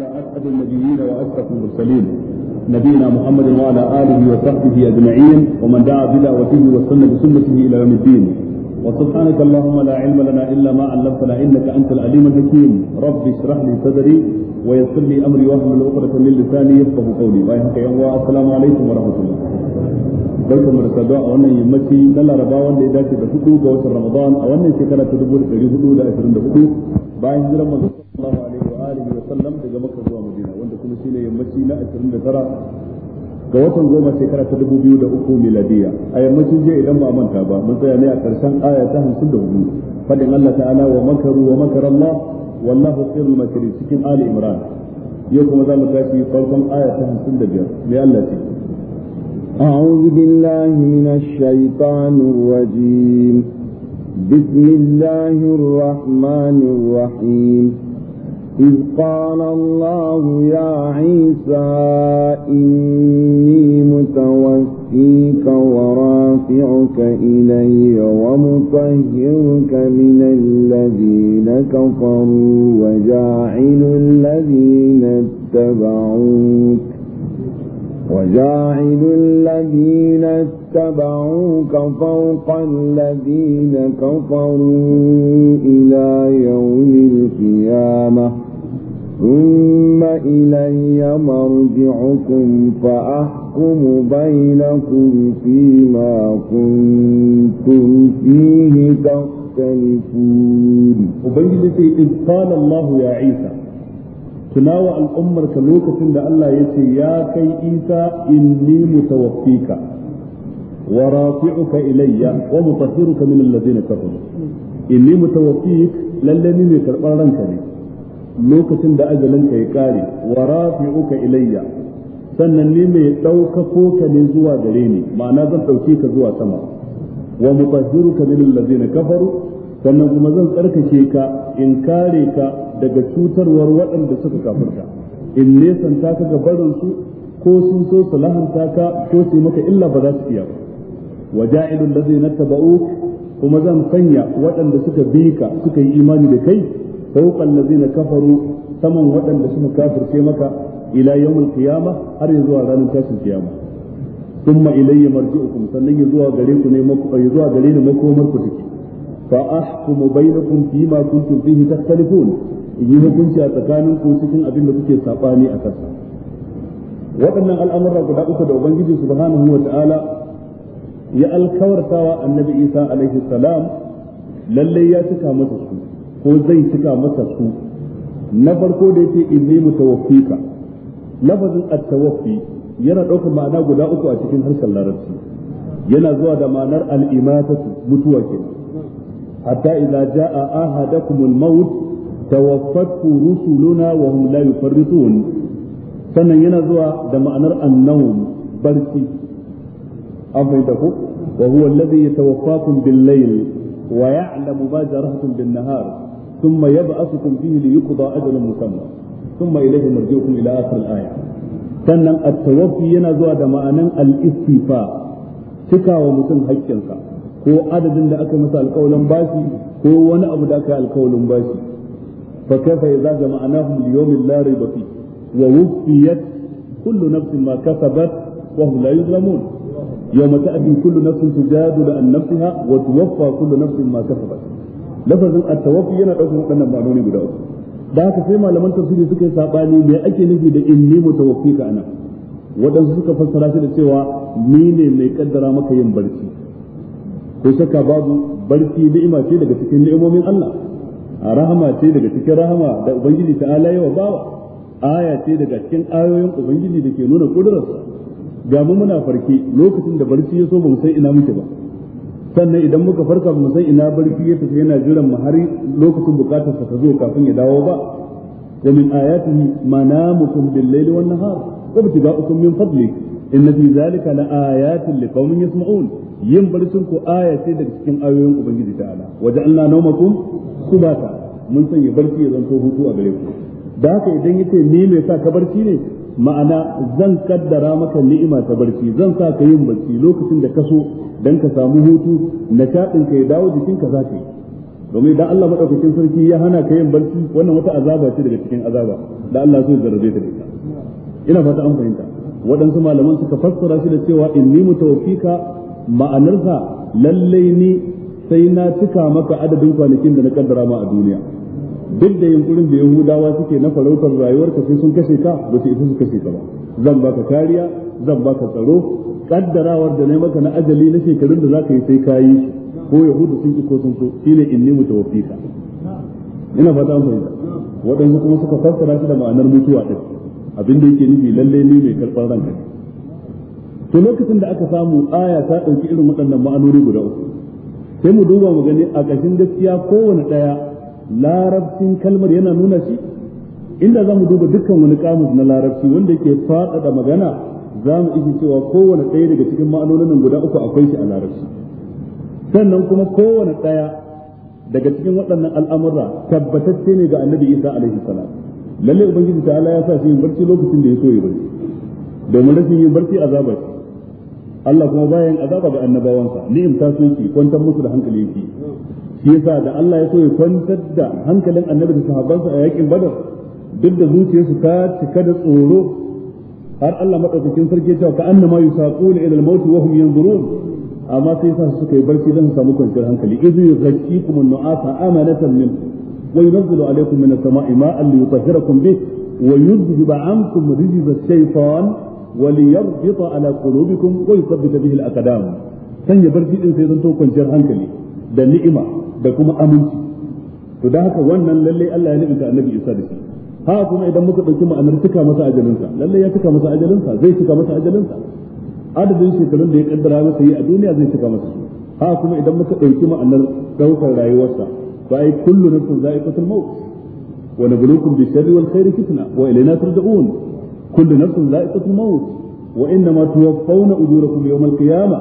على أسعد النبيين وأشرف المرسلين نبينا محمد وعلى آله وصحبه أجمعين ومن دعا بدعوته وسن بسنته إلى يوم الدين وسبحانك اللهم لا علم لنا إلا ما علمتنا إنك أنت العليم الحكيم رب اشرح لي صدري ويسر لي أمري وأحمل عقدة من لساني يفقه قولي ويحكى يا السلام عليكم ورحمة الله barkan mu da saduwa a wannan yammaci na laraba wanda ya dace da hudu ga watan ramadan a wannan shekara ta dubu da hudu da ashirin da hudu bayan sallallahu alaihi wasallam daga Makka zuwa Madina wanda kuma shine yammaci na 29 ga watan goma shekara ta 2003 miladiya a yammacin jiya idan ba manta ba mun tsaya ne a karshen aya ta 54 fadin Allah ta'ala wa makaru wa makar Allah wallahu khairul makirin cikin Ali Imran yau kuma za mu tashi farkon aya ta 55 me Allah ce أعوذ بالله من الشيطان الرجيم بسم الله الرحمن الرحيم إذ قال الله يا عيسى إني متوفيك ورافعك إلي ومطهرك من الذين كفروا وجاعل الذين اتبعوك وجاعل الذين اتبعوك فوق الذين كفروا إلى يوم القيامة ثم إلي مرجعكم فأحكم بينكم فيما كنتم فيه تختلفون وبين الله يا عيسى tunawa al'ummarka lokacin da Allah ya ce ya kai Isa inni mutawaffika wa rafi'uka ilayya wa mutahhiruka min alladhina kafaru inni mutawaffik lalle ni mai karban ranka ne lokacin da ajalinka ya kare wa rafi'uka ilayya sannan ni mai ɗaukako ka ne zuwa gare ni ma'ana zan ɗauke ka zuwa sama wa mutahhiruka min alladhina kafaru sannan kuma zan tsarkake ka in kare ka daga cutarwar waɗanda suka kafirta in nesanta ta ga barin su ko sun so su lahanta ka ko su maka illa ba za su iya ba wa ja'ilul ladzina tabauka kuma zan sanya waɗanda suka bi ka suka yi imani da kai fawqa allazina kafaru saman waɗanda suka kafirce maka ila yawmul har zuwa ranar tashin kiyama thumma ilayya marji'ukum sannan zuwa gare ku ne zuwa gare ni makomar ku take fa ahkumu bainakum fima kuntum fihi takhtalifun yi hukunci a tsakanin ku cikin abin da kuke sabani a kansa waɗannan al'amura guda uku da ubangiji subhanahu wa ta'ala ya alkawartawa annabi isa alaihi salam lallai ya cika masa su ko zai cika masa su na farko da yake inni mutawaffika lafazin at-tawaffi yana ɗaukar ma'ana guda uku a cikin harshen larabci yana zuwa da ma'anar al-imatatu mutuwa kenan hatta idza jaa ahadakumul maut tawaffatu rusuluna wa hum la yufarritun sannan yana zuwa da ma'anar annawm barci an fahimta ko wa huwa alladhi yatawaffakum bil layl wa ya'lamu ma jarahtum bin nahar thumma yab'athukum fihi liyuqda ajalun musamma thumma ilayhi marji'ukum ila akhir al aya sannan at-tawaffi yana zuwa da ma'anan al-istifa cikawa mutum haƙƙinsa ko adadin da aka masa alƙawalin bashi ko wani abu da aka yi alƙawalin bashi فكيف إذا جمعناهم ليوم لا ريب فيه ووفيت كل نفس ما كسبت وهم لا يظلمون يوم تأتي كل نفس تجادل عن نفسها وتوفى كل نفس ما كسبت lafazin at-tawaffi yana ɗaukar waɗannan ma'anoni guda uku da haka sai malaman tafsiri suka yi sabani me ake nufi da inni mutawaffika ana waɗansu suka fassara shi da cewa ni ne mai kaddara maka yin barci ko shakka babu barci ni'ima daga cikin ni'imomin Allah rahama ce daga cikin rahama da ubangiji ta ala yawa bawa aya ce daga cikin ayoyin ubangiji da ke nuna kudurarsa ga mu muna farke lokacin da barci ya so ba mu san ina muke ba sannan idan muka farka ba mu san ina barci ya tafi yana jiran mu har lokacin bukatar sa ta zo kafin ya dawo ba wa min ayatihi manamukum bil-layli wan-nahar wa ibtiga'ukum min fadli inna fi dhalika la ayatin liqaumin yasma'un yin barcin ku aya ce daga cikin ayoyin ubangiji ala waje Allah ba ta mun sanya barci ya zanto hutu a gare ku da haka idan yace ni mai sa ka barci ne ma'ana zan kaddara maka ni'ima ta barci zan sa ka yin barci lokacin da ka so dan ka samu hutu na shaɗin ka ya dawo jikin ka za ka yi domin idan Allah madaukakin sarki ya hana ka yin barci wannan wata azaba ce daga cikin azaba da Allah zai zarrabe ta ita ina fata an fahimta waɗansu malaman suka fassara shi da cewa inni mutawaffika ma'anarsa lallai ni sai na cika maka adadin kwanakin da na kaddara ma a duniya duk da yunkurin da yahudawa suke na farautar rayuwarka sai sun kashe ka ba su isa su kashe ka ba zan baka kariya zan baka tsaro kaddarawar da na maka na ajali na shekarun da zaka yi sai ka yi ko yahudu sun ki ko sun so shine inni mutawaffika ina fata an fahimta waɗansu kuma suka fassara shi da ma'anar mutuwa ɗin abin da yake nufi lallai ne mai karɓar ranka to lokacin da aka samu aya ta ɗauki irin waɗannan ma'anoni guda uku sai mu duba mu gani a ƙashin gaskiya kowane ɗaya larabcin kalmar yana nuna shi inda za mu duba dukkan wani kamus na larabci wanda yake faɗaɗa magana za mu ishi cewa kowane ɗaya daga cikin ma'anonin guda uku akwai shi a larabci sannan kuma kowane ɗaya daga cikin waɗannan al'amura tabbatacce ne ga annabi isa alaihi salam lalle ubangiji ta ya sa shi yin barci lokacin da ya so ya barci domin rashin yin barci azaba ce Allah kuma bayan azaba ga annabawansa ni'im ta so yake kwantar musu da hankali yake shi yasa da Allah ya so ya kwantar da hankalin annabi da sahabbansa a yakin badar duk da zuciyarsu ta cika da tsoro har Allah madaukakin sarki cewa ka annama yusaquna ila al-maut wa hum yanzurun amma sai sa suka yi barci don su samu kwanciyar hankali idh yuzakkikum an-nu'asa amanatan min wa yunzilu alaykum min as-sama'i ma'an liyutahhirakum bih wa yudhhiba 'ankum rijza ash-shaytan وليربط على قلوبكم ويثبت به الاقدام sanya barci din sai zanto kwanciyar hankali da ni'ima da kuma aminci to da haka wannan lalle Allah ya nabi ta annabi Isa da shi ha kuma idan muka dauki ma'anar tuka masa ajalinsa lalle ya tuka masa ajalinsa zai tuka masa ajalinsa adadin shekarun da ya kaddara masa yi a duniya zai tuka masa ha kuma idan muka dauki ma'anar daukar rayuwarsa fa ai kullu nafsin za'iqatul maut wa nabluukum bi sharri wal khairi fitna wa ilayna turja'un kullu nafsin za'iqatul maut wa innama tuwaffawna ujurakum yawmal qiyamah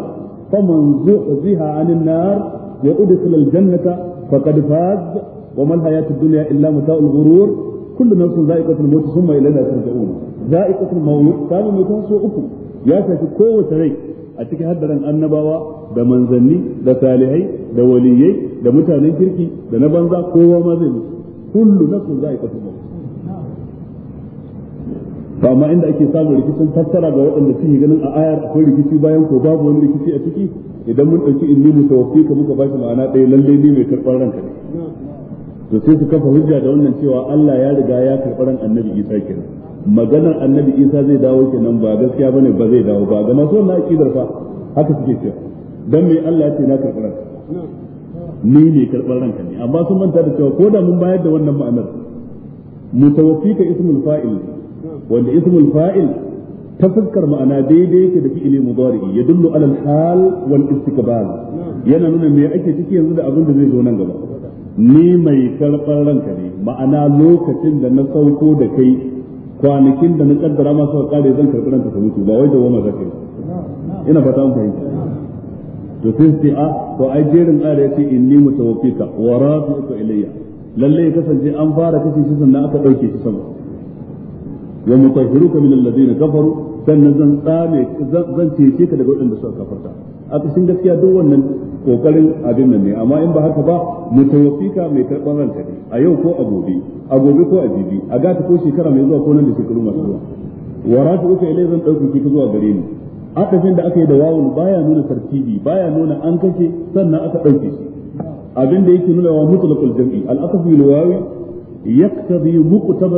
faman zuhziha 'anil nar wa udkhila al-jannata faqad faz wa mal hayatud dunya illa mata'ul ghurur kullu nafsin za'iqatul maut thumma ilayna turja'un za'iqatul maut kana mutum so uku ya tafi kowace rai a cikin haddaran annabawa da manzanni da salihai da waliyai da mutanen kirki da na banza kowa ma zai mutu kullu to amma inda ake samun rikicin fassara ga waɗanda suke ganin a ayar akwai rikici bayan ko babu wani rikici a ciki idan mun ɗauki inni mutawaffi ka muka bashi ma'ana ɗaya lalle ne mai karɓar ranka ne to sai su kafa hujja da wannan cewa Allah ya riga ya karɓar ran annabi Isa kenan maganar annabi Isa zai dawo kenan ba gaskiya bane ba zai dawo ba ga masu wannan aqidar fa haka suke cewa dan me Allah ya ce na karɓar ranka ni ne karɓar ranka ne amma sun manta da cewa ko da mun bayar da wannan ma'anar mutawaffika ismul fa'il wanda ismul fa'il ta fuskar ma'ana daidai yake da fi'ili mudari ya dullu alal hal wal istikbal yana nuna me ake ciki yanzu da abin da zai zo nan gaba ni mai karɓar ranka ne ma'ana lokacin da na sauko da kai kwanakin da na kaddara ma suka kare zan karɓi ranka ka mutu ba wai da wama zaka ina fata an fahimta to sai sai a to ai jerin ara yace inni mutawaffika wa rafi'uka ilayya lalle kasance an fara kashe shi sannan aka dauke shi sama wa mutahhiruka min alladhina kafaru sannan zan tsame zan cece ka daga waɗanda suka kafarta a cikin gaskiya duk wannan kokarin abin nan ne amma in ba haka ba mutawaffika mai karban ranka ne a yau ko a gobe a gobe ko a jibi a gata ko shekara mai zuwa ko nan da shekaru masu zuwa wa rafi'uka ilai zan ɗauke ki zuwa gare ni akafin da aka yi da wawun baya nuna tartibi baya nuna an kashe sannan aka ɗauke shi abin da yake nuna wa mutlaqul jam'i al-aqfu lil wawi yaktabi muqtaba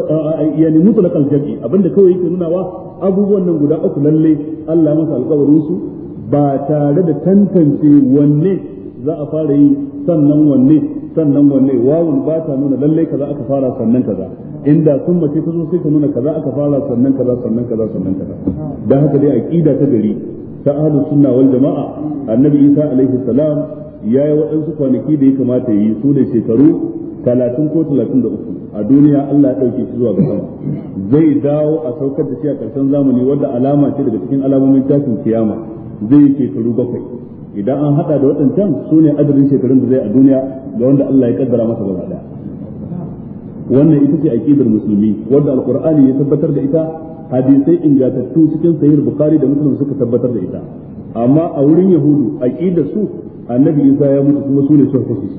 yani mutlaq al-jami abinda kawai yake wa abubuwan nan guda uku lalle Allah masa alƙawarin su ba tare da tantance wanne za a fara yi sannan wanne sannan wanne wawun ba ta nuna lalle kaza aka fara sannan kaza inda sun mace ta zo sai ka nuna kaza aka fara sannan kaza sannan kaza sannan kaza dan haka dai aqida ta gari ta ahlus sunna wal jamaa annabi Isa alaihi salam yayi waɗansu kwanaki da ya kamata yi su da shekaru talatin ko talatin da uku a duniya Allah ya ɗauke shi zuwa ga sama zai dawo a saukar da shi a ƙarshen zamani wadda alama ce daga cikin alamomin tashin kiyama zai yi shekaru bakwai idan an haɗa da waɗancan su ne adadin shekarun da zai a duniya ga wanda Allah ya kaddara masa gaba ɗaya wannan ita ce aqidar musulmi wadda alqur'ani ya tabbatar da ita hadisai ingantattu cikin sahih bukhari da muslim suka tabbatar da ita amma a wurin yahudu aqidar su annabi isa ya mutu kuma su ne suka kashe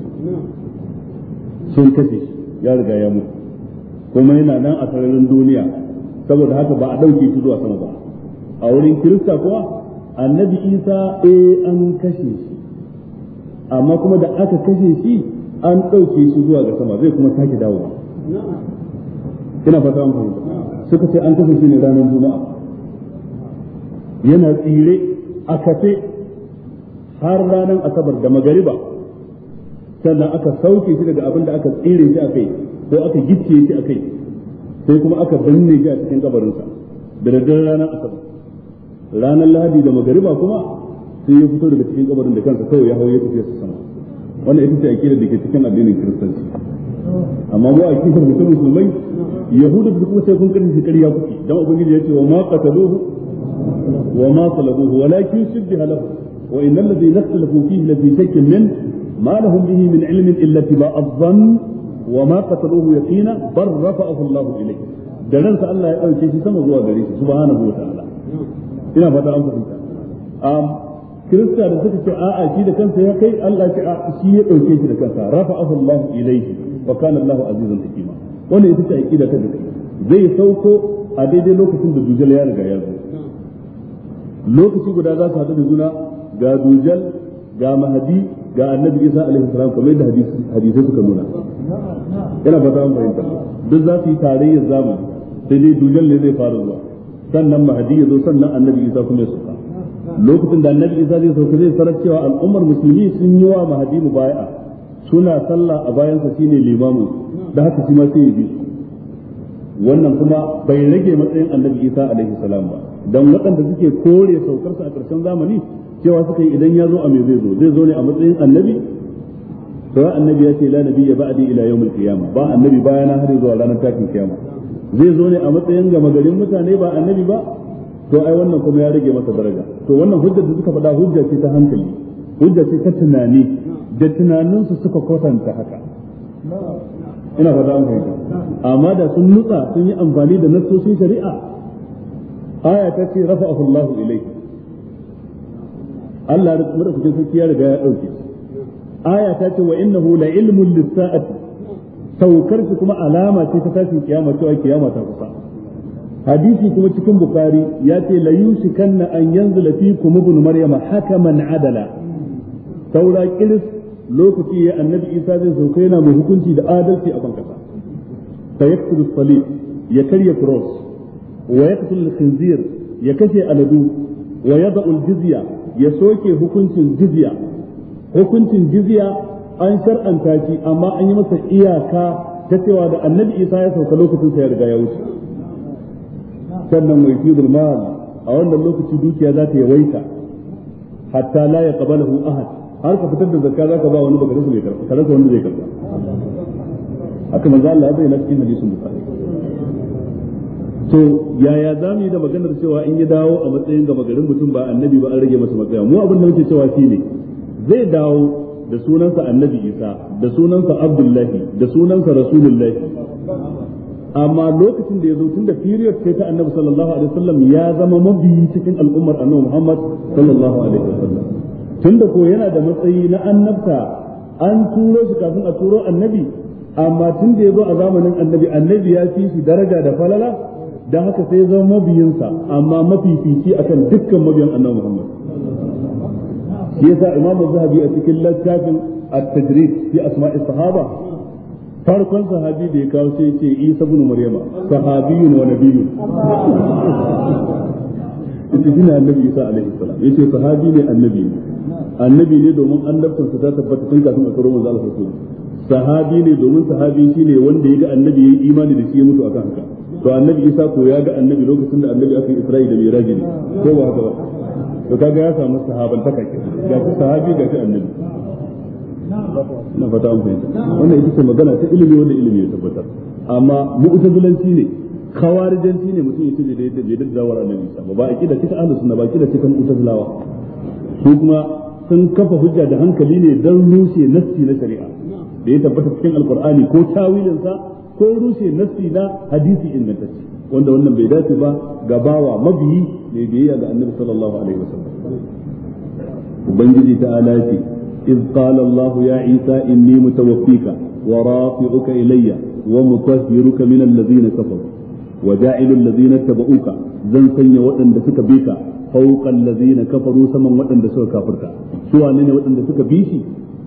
sun kashe shi ya riga ya mutu kuma yana nan a sararin duniya saboda haka ba a ɗauke shi zuwa sama ba a wurin kirista kuwa annabi isa eh an kashe shi amma kuma da aka kashe shi an ɗauke shi zuwa ga sama zai kuma sake dawo ina fata an fahimta suka ce an kashe shi ne ranar juma'a yana tsire a kafe har ranar asabar da magariba sannan aka sauke shi daga abin da aka tsere shi a kai ko aka gicciye shi a kai sai kuma aka binne shi a cikin kabarinsa da daddare ranar asabar ranar lahadi da magariba kuma sai ya fito daga cikin kabarin da kansa kawai ya hau ya su sama wannan ita ce akidar da ke cikin addinin kiristanci amma mu akidar mutum musulmai yahudu da kuma sai kun karni shi kariya kuke dan ubangiji ya ce wa ma qataluhu wa ma salabuhu walakin shubbiha lahu wa innal ladhi nakhtalafu fihi la fi shakkin min ما لهم به من علم إلا اتباع الظن وما قتلوه يقينا بل رفعه الله إليه دلنس الله يقول شيء سمى زوا سبحانه وتعالى إنا فتا أم فهمتا أم كريستا da suka ce a'a shi da kansa ya kai Allah ya shi ya dauke shi da kansa rafa'ahu Allah ilayhi wa kana Allah azizan hakima wannan ta duka zai sauko a daidai lokacin da dujal ya riga ya zo lokaci guda za su haɗu da juna ga dujal ga mahadi ga annabi isa alaihi salam kamar yadda hadisai suka nuna yana fata an fahimta duk za su yi tarayyar zamani sai dai dujan ne zai fara zuwa sannan mahadi ya zo sannan annabi isa kuma ya sauka lokacin da annabi isa zai sauka zai sanar cewa al'ummar musulmi sun yi wa mahadi baya suna sallah a bayan sa shine limamu da haka shi ma sai ya bi wannan kuma bai rage matsayin annabi isa alaihi salam ba dan waɗanda suke kore saukarsa a ƙarshen zamani cewa suka yi idan ya zo a me zai zo zai zo ne a matsayin annabi to annabi ya ce la nabiyya ba'di ila yawmil qiyamah ba annabi bayana har zuwa ranar takin kiyama zai zo ne a matsayin gama garin mutane ba annabi ba to ai wannan kuma ya rage masa daraja to wannan hujjar da suka faɗa hujja ce ta hankali hujja ce ta tunani da tunaninsu suka kwatanta haka ina fata an fahimta amma da sun nutsa sun yi amfani da nassosin shari'a aya ta ce rafa'ahu Allahu ilayhi Allah da sarki ya riga ya dauke aya ta ce wa innahu la ilmun lis saukar kuma alama ce ta tashin kiyama cewa kiyama ta kusa hadisi kuma cikin bukhari ya ce la yushikanna an yanzula kuma ibn maryama hakaman adala saura kiris lokaci ya annabi isa zai sauka yana mai hukunci da adalci a bankasa fa yaqtul salib ya karya cross wa yaqtul khinzir ya kashe aladu wa yada'u ya soke hukuncin jizya hukuncin jizya an shar'anta shi amma an yi masa iyaka ta cewa da annabi isa ya sauka lokacin sa ya riga ya wuce sannan mai fi mal a wannan lokaci dukiya za ta yawaita hatta la ya yaqbalahu ahad har ka fitar da zakka za ka ba wani baka rasa mai karba ka rasa wanda zai karba haka manzo Allah ya bayyana cikin hadisin bukhari to yaya za mu yi da maganar cewa in ya dawo a matsayin gaba garin mutum ba annabi ba an rage masa matsaya mu abin da muke cewa shine zai dawo da sunansa annabi isa da sunansa abdullahi da sunansa rasulullahi amma lokacin da ya zo tunda period sai ta annabi sallallahu alaihi wasallam ya zama mabiyi cikin al'ummar annabi muhammad sallallahu alaihi wasallam tunda ko yana da matsayi na annabta an turo shi kafin a turo annabi amma tunda ya zo a zamanin annabi annabi ya fi shi daraja da falala dan haka sai ya zama mabiyinsa amma mafifici akan dukkan mabiyan annabi Muhammad shi yasa Imam Zahabi a cikin littafin at-tajrid fi asma'i sahaba farkon sahabi da ya kawo sai ce Isa ibn Maryama sahabiyyun wa nabiyyun ita shi ne annabi Isa alaihi salam yace sahabi ne annabi annabi ne domin annabtansa ta tabbata tun kafin a tsoro manzo Allah sallallahu alaihi wasallam sahabi ne domin sahabi shine wanda ya ga annabi yayi imani da shi ya mutu akan haka to annabi isa ko ya ga annabi lokacin da annabi aka yi isra'i da miraji ne ko ba haka ba to kaga ya samu sahaban ta kake ga sahabi ga shi annabi na fata an fahimta wannan ita ce magana ta ilimi wanda ilimi ya tabbatar amma mu'tazilanci ne kawarijanci ne mutum ya ce da bai da zawar annabi isa ba ba akida kita ahlus sunna ba akida kita mu'tazilawa su kuma sun kafa hujja da hankali ne don rushe nassi na shari'a da ya tabbata cikin alqur'ani ko tawilinsa ko rushe nassi na hadisi ingantacce wanda wannan bai dace ba ga bawa mabiyi ne biyayya ga annabi sallallahu alaihi wasallam ubangiji ta alaji إذ قال الله يا عيسى إني متوفيك ورافعك إلي ومطهرك من الذين كفروا وجاعل الذين اتبعوك زن سنة وأن دسك بيك فوق الذين كفروا سمن وأن دسك كافرك سوى أنني وأن دسك بيشي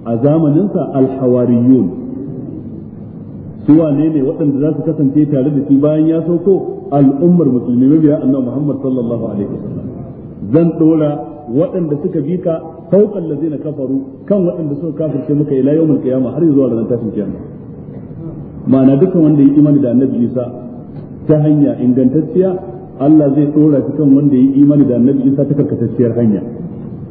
أزام ننسى الحواريون su wane ne waɗanda za su kasance tare da su bayan ya sauko al'ummar musulmi mabiya annabi Muhammad sallallahu alaihi wasallam zan dora waɗanda suka bi ka fauqal ladzina kafaru kan waɗanda suka kafirce muka ila yawmul qiyamah har zuwa ranar tashin kiyama ma'ana dukkan wanda ya imani da annabi Isa ta hanya ingantacciya Allah zai dora shi kan wanda ya imani da annabi Isa ta karkatacciyar hanya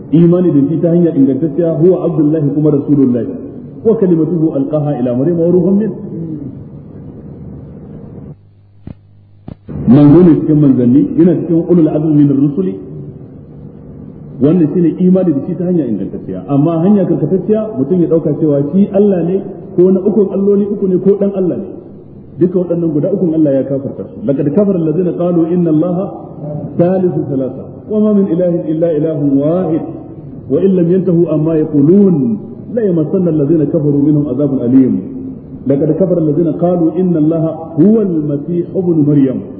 imani da shi ta hanya ingantacciya huwa abdullahi kuma rasulullahi wa kalimatuhu alqaha ila maryam wa ruhun min manzo ne cikin manzanni yana cikin ulul azmi min rusuli wannan shine imani da shi ta hanya ingantacciya amma hanya karkatacciya mutum ya dauka cewa shi Allah ne ko na ukun alloli uku ne ko dan Allah ne duka waɗannan guda ukun Allah ya kafarta su laqad kafara allazina qalu inna allaha thalithu thalatha wa ma min ilahin illa ilahun wahid wa in lam yantahu amma yaqulun la yamassanna allazina kafaru mu azabun alim laqad kafara allazina qalu inna allaha huwa maryam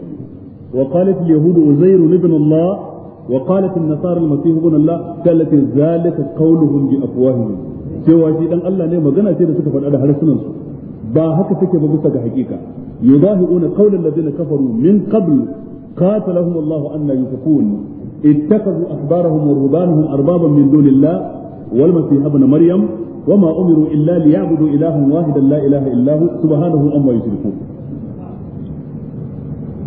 وقالت اليهود عزير ابن الله وقالت النصارى المسيح ابن الله قالت ذلك قولهم بافواههم cewa shi dan Allah ne magana ce da suka faɗa da harsunansu ba haka take ba bisa ga hakika yudahiuna qawlan ladina kafaru min qabl qatalahum Allah anna yufakun ittakhadhu ahbarahum wa rubanahum arbaban min dunillah maryam وما أمروا إلا ليعبدوا إلها واحدا لا إله إلا هو سبحانه أما يشركون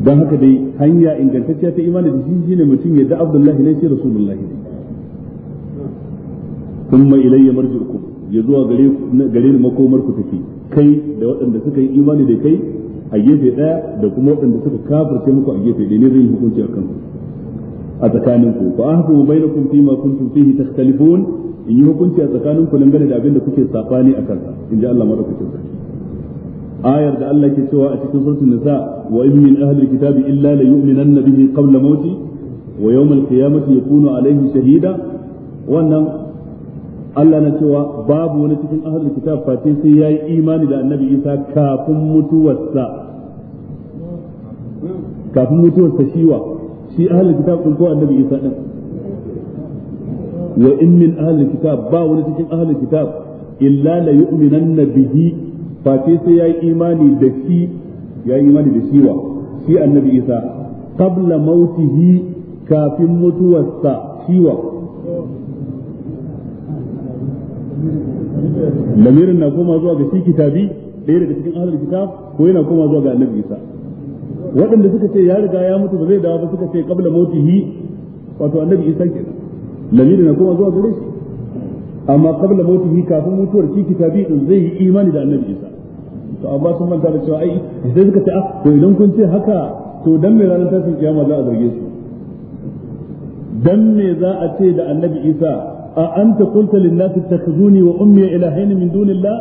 don haka dai hanya ingantacciya ta imani da shi shine mutum ya da abdullahi ne shi rasulullahi ne mai ilayya marji'ukum ya zuwa gare ni makomar ku take kai da waɗanda suka yi imani da kai a gefe ɗaya da kuma waɗanda suka kafirce muku a gefe ɗaya ne zai yi hukunci akan ku a tsakanin ku fa ahfu bainakum fi ma kuntum fihi takhtalifun in yi hukunci a tsakanin ku dangane da abin da kuke safani akan in ji Allah madaukakin sarki ayar da Allah ke cewa a cikin suratul nisa wa in min ahli kitabi illa la yu'minanna bihi qabla mauti wa yawm al-qiyamati yakunu alayhi shahida wannan Allah na cewa babu wani cikin ahli kitab face sai yayi imani da annabi Isa kafin mutuwarsa kafin mutuwarsa shiwa shi ahli kitab din ko annabi Isa din wa in min ahli kitab ba wani cikin ahli kitab illa la yu'minanna bihi face sai yayi imani da shi yayi imani da shi wa shi annabi Isa qabla mautihi kafin mutuwarsa shi wa lamirin na koma zuwa ga shi kitabi ɗaya daga cikin ahlul kitab ko yana koma zuwa ga annabi Isa waɗanda suka ce ya riga ya mutu ba zai dawo ba suka ce qabla mautihi wato annabi Isa kenan lamirin na koma zuwa gare shi amma qabla mautihi kafin mutuwar shi kitabi din zai yi imani da annabi Isa to amma sun manta da cewa ai sai suka ce ah to idan kun ce haka to dan me ranar tashin kiyama za a zarge su dan me za a ce da annabi Isa a anta qulta lin nas ittakhuzuni wa ummi ilahaina min dunillah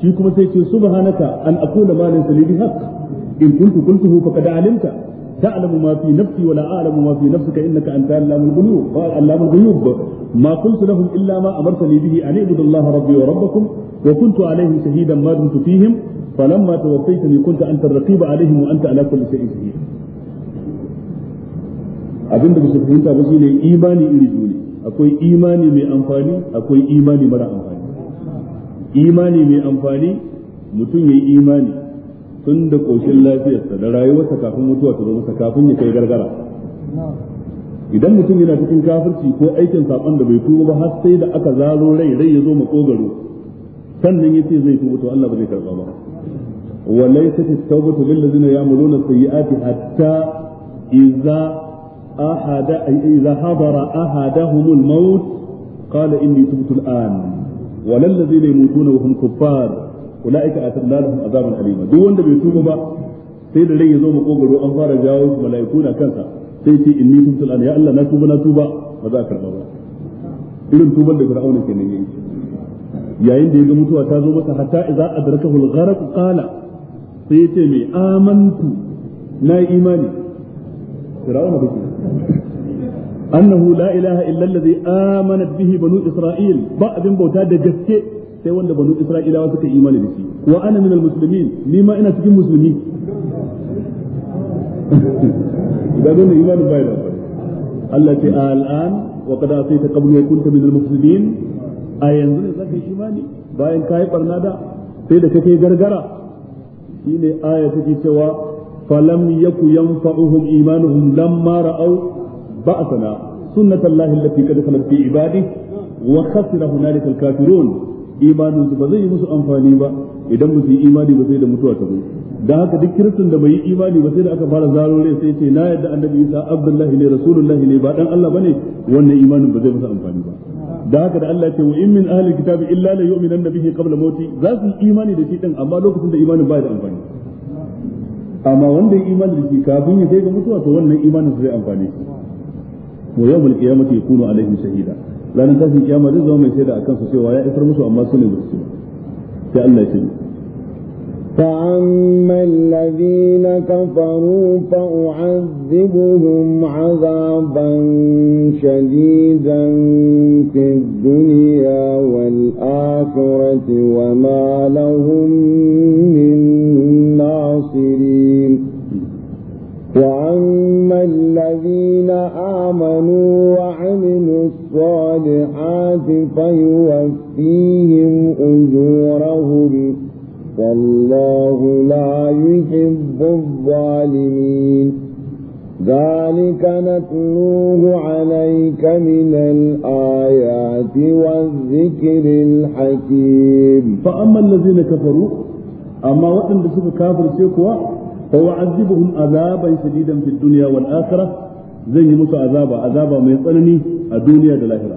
shi kuma sai ce subhanaka an aqula ma laysa li bihaq in kuntu qultuhu faqad alimta تعلم ما في نفسي ولا أعلم ما في نفسك إنك أنت علام الغيوب علام الغيوب ما قلت لهم إلا ما أمرتني به أن اعبدوا الله ربي وربكم وكنت عليهم شهيدا ما دمت فيهم falamma tawaffaytani kunta anta ar-raqiba alaihim wa anta ala kulli shay'in shahid abin da bisa fahimta ba shine imani iri biyu ne akwai imani mai amfani akwai imani mara amfani imani mai amfani mutum yayi imani tun da koshin lafiyarsa da rayuwarsa kafin mutuwa ta zo masa kafin ya kai gargara idan mutum yana cikin kafirci ko aikin saban da bai tuba ba har sai da aka zaro rai rai ya zo makogaro sannan yace zai tuba to Allah ba zai karba ba وليست التوبة للذين يعملون السيئات حتى إذا أحد إذا حضر أحدهم الموت قال إني تبت الآن ولا يموتون وهم كفار أولئك أعتدنا لهم عذابا أليما دون wanda bai tuba ba sai da rai ya zo makogaro an fara jawo mala'iku na kansa sai ce inni tubtu al'an ya Allah na tuba na tuba ba za a karba irin tuban da fir'auna kenan yayin da ya ga mutuwa ta zo masa hatta idza adrakahu sai ya ce mai amantu na imani fir'auna ba annahu la ilaha illa allazi amanat bihi banu isra'il ba abin bauta da gaske sai wanda banu isra'ilawa suka imani da shi wa ana minal muslimin ni ma ina cikin musulmi da don imani bai da Allah ce al'an wa qad asayta qabla wa kunta minal mufsidin a yanzu ne zaka yi imani bayan kai barna da sai da kake gargara shine aya take cewa falam yaku yanfa'uhum imanuhum lamma ra'aw ba'sana sunnatullahi allati qad khalat fi ibadi wa khasira hunalika al-kafirun imanin su ba zai yi musu amfani ba idan musu yi imani ba sai da mutuwa ta zo da haka duk kiristin da bai yi imani ba sai da aka fara zaro rai sai ce na yadda annabi isa abdullahi ne rasulullahi ne ba dan Allah bane wannan imanin ba zai musu amfani ba da haka da Allah ya ce wa in min ahli kitabi illa la yu'minanna bihi qabla mauti za su yi imani da shi din amma lokacin da imanin ba da amfani amma wanda ya imani da shi kafin ya kai ga mutuwa to wannan imanin zai amfane shi wa yawmul qiyamati yakunu alaihim shahida ranar tashin kiyama zai zama mai shaida akan su cewa ya isar musu amma su ne musu sai Allah ya ce فأما الذين كفروا فأعذبهم عذابا شديدا في الدنيا والآخرة وما لهم من ناصرين وأما الذين آمنوا وعملوا الصالحات فيوفيهم أجورهم والله لا يحب الظالمين ذلك نتلوه عليك من الآيات والذكر الحكيم فأما الذين كفروا أما وإن بسوء كافر سيكوا فوعذبهم عذابا شديدا في الدنيا والآخرة زي موسى عذابا عذابا ما يطلني الدنيا والآخرة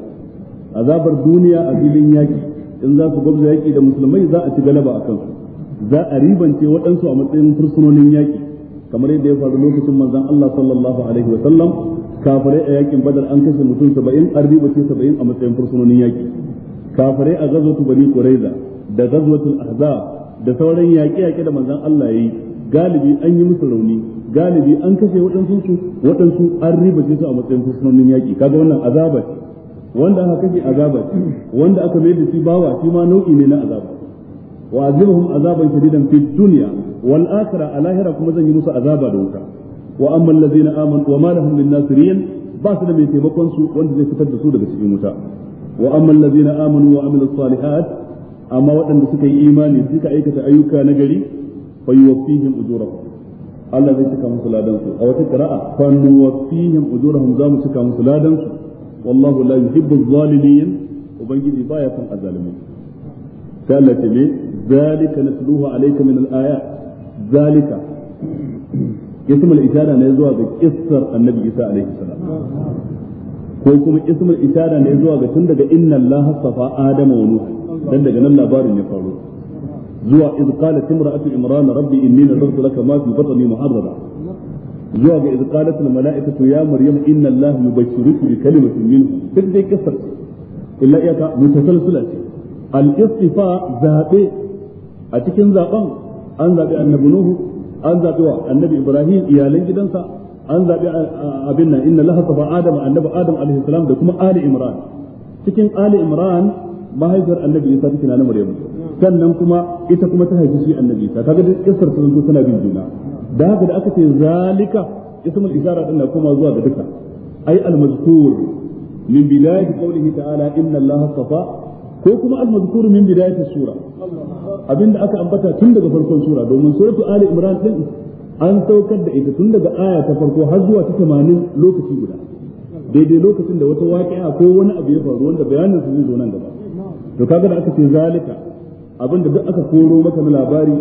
عذاب الدنيا أبيلين ياكي إن ذاك قبل ياكي إذا مسلمين ذا أتغلب أكلهم za a ribance waɗansu a matsayin fursunonin yaƙi kamar yadda ya faru lokacin manzon Allah sallallahu alaihi wa sallam kafirai a yakin badar an kashe mutum 70 an ribace 70 a matsayin fursunonin yaƙi kafirai a gazwatu bani quraiza da gazwatul ahzab da sauran yaƙe-yaƙe da manzon Allah yayi galibi an yi musu rauni galibi an kashe waɗansu su waɗansu an su a matsayin fursunonin yaƙi kaga wannan azaba ce wanda aka kashe azaba ce wanda aka mai da shi bawa shi ma nau'i ne na azaba wa azibuhum azaban shadidan fid duniya wal akhirah a lahira kuma zan yi musu azaba da wuta wa amma allazina wa ma lahum min nasirin da mai taimakon su wanda zai fitar da su daga cikin wuta wa amma allazina wa amilus salihat amma waɗanda suka yi imani ka aikata ayyuka na gari fa yuwaffihim ujurahum Allah zai cika musu ladan su a wata qira'a fa nuwaffihim ujurahum za mu cika ladan su baya zalika natluhu alayka min al-ayat zalika ismul ishara ne zuwa ga kissar annabi isa alaihi salam ko kuma ismul ishara ne zuwa ga tun daga inna allaha safa adama wa nuh dan daga nan labarin ya faru zuwa iz qalat imra'atu imran rabbi inni nadartu laka ma fi batni muharrara zuwa ga iz qalat al mala'ikatu ya maryam inna allaha yubashshiruki bi kalimatin minhu duk dai kissar illa iyaka mutasalsila ce al istifa zabe a cikin zaben an zaɓi annabi nuhu an zaɓi wa annabi ibrahim iyalan gidansa an zaɓi abin nan inna laha saba adam annabi adam alaihi salam da kuma ali imran cikin ali imran mahaifiyar annabi isa take na maryamu sannan kuma ita kuma ta haifi shi annabi isa kaga da kissar sun zo tana bin juna da haka da aka ce zalika ismul isara din na koma zuwa ga duka ai al-mazkur min bidayati qawlihi ta'ala inna allaha safa ko kuma al-mazkur min bidayati sura abinda aka ambata tun daga farkon sura domin suratu ali imran din an saukar da ita tun daga aya ta farko har zuwa ta 80 lokaci guda daidai lokacin da wata waƙi'a ko wani abu ya faru wanda bayanin su zai zo nan gaba to kaga da aka ce zalika abinda duk aka koro maka na labari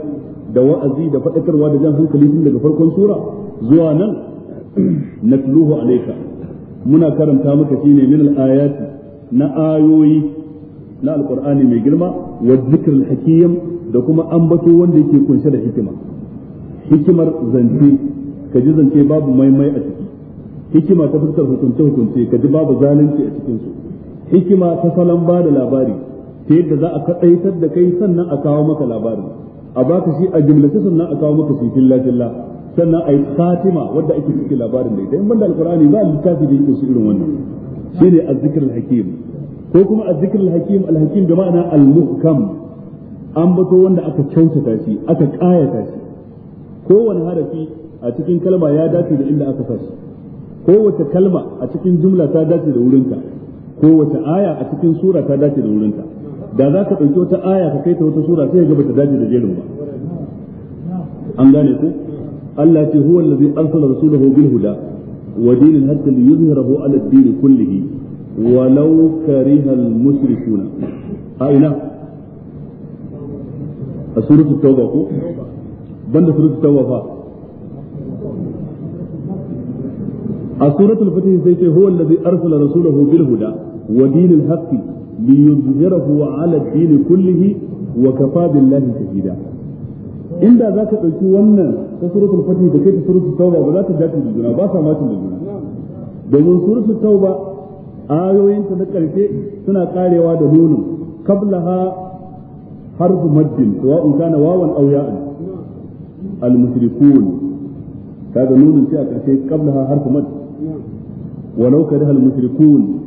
da wa'azi da faɗakarwa da jan hankali tun daga farkon sura zuwa nan natluhu alayka muna karanta maka shine min al-ayati na ayoyi na alqur'ani mai girma wa dhikril hakim da kuma ambato wanda yake kunshe da hikima hikimar zance ka ji zance babu maimai a ciki hikima ta fuskar hukunce hukunce ka ji babu zalunci a cikin su hikima ta salon ba da labari ta yadda za a kaɗaitar da kai sannan a kawo maka labari a baka shi a jimlace sannan a kawo maka shi filla sannan a yi fatima wadda ake ciki labarin da ita in banda alkur'ani ba littafi da yake shi irin wannan shine azzikr ko kuma azzikr alhakim hakim da ma'ana al an bato wanda aka kyautata shi aka kayata shi kowane harafi a cikin kalma ya dace da inda aka sashi kowace kalma a cikin jumla ta dace da wurinka kowace aya a cikin sura ta dace da wurinka da za ka ɗauki wata aya ka kai ta wata sura sai ga bata dace da jerin ba an gane ku Allah ce huwa allazi arsala rasulahu bil huda wa dinil haqqi liyuzhirahu ala ad-din kullihi walau karihal al-mushrikuna a ina a surutu tauba ko ban da surutu tauba fa a suratul fatih sai ce huwa allazi arsala rasulahu bil huda wa dinil haqqi liyuzhirahu ala ad-din kullihi wa kafa billahi shahida inda za ka ɗauki wannan ta suratul fatih da kai ta surutu tauba ba za ta dace da juna ba sa macin da juna domin surutu tauba ayoyinta na ƙarfe suna karewa da nunin qablaha حرف مد سواء كان واوا او ياء المشركون هذا نون في أكثر قبلها حرف مد ولو كره المشركون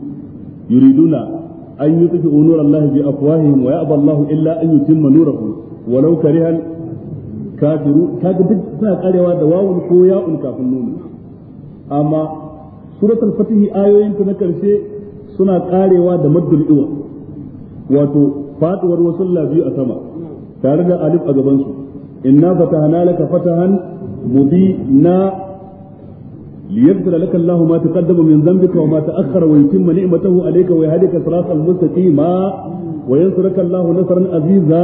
يريدون أن يطفئوا نور الله بأفواههم ويأبى الله إلا أن يتم نوره ولو كره الكافرون كاد بد ساقريوا دواو كوياء كافنون أما سورة الفتح آيوين تنكر شيء suna karewa da maddul iwa wato Faɗuwar wasu biyu a sama tare da alif a gabansu inna fatahana laka fatahan mubi na liyabtara laka Allahu ma taqaddama min dhanbika wa ma ta'akhkhara wa yutimma ni'matahu alayka wa yahdika siratal mustaqima wa aziza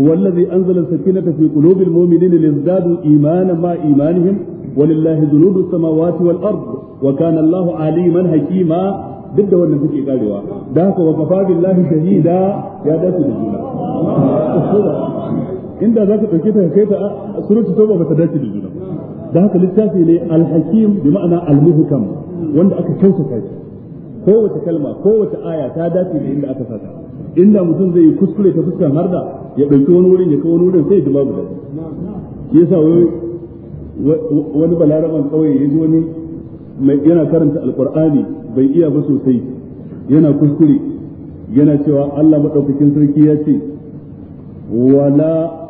والذي أنزل السكينة في قلوب المؤمنين ليزدادوا إيمانا مع إيمانهم ولله جنود السماوات والأرض وكان الله عليما حكيما duk da wannan suke karewa da haka wa kafa billahi shahida ya dace da juna inda za ka ɗauke ta kai ta suratu tauba ba ta dace da juna da haka littafi ne alhakim bi ma'ana almuhkam wanda aka kyautata shi kowace kalma kowace aya ta dace da inda aka sata inda mutum zai yi kuskure ta fuskar har da ya ɗauki wani wurin ya kai wani wurin sai ji babu daɗi yasa wani balaraman kawai ya ji wani yana karanta alkur'ani bai iya ba sosai yana kuskure yana cewa Allah madaukakin sarki ya ce wala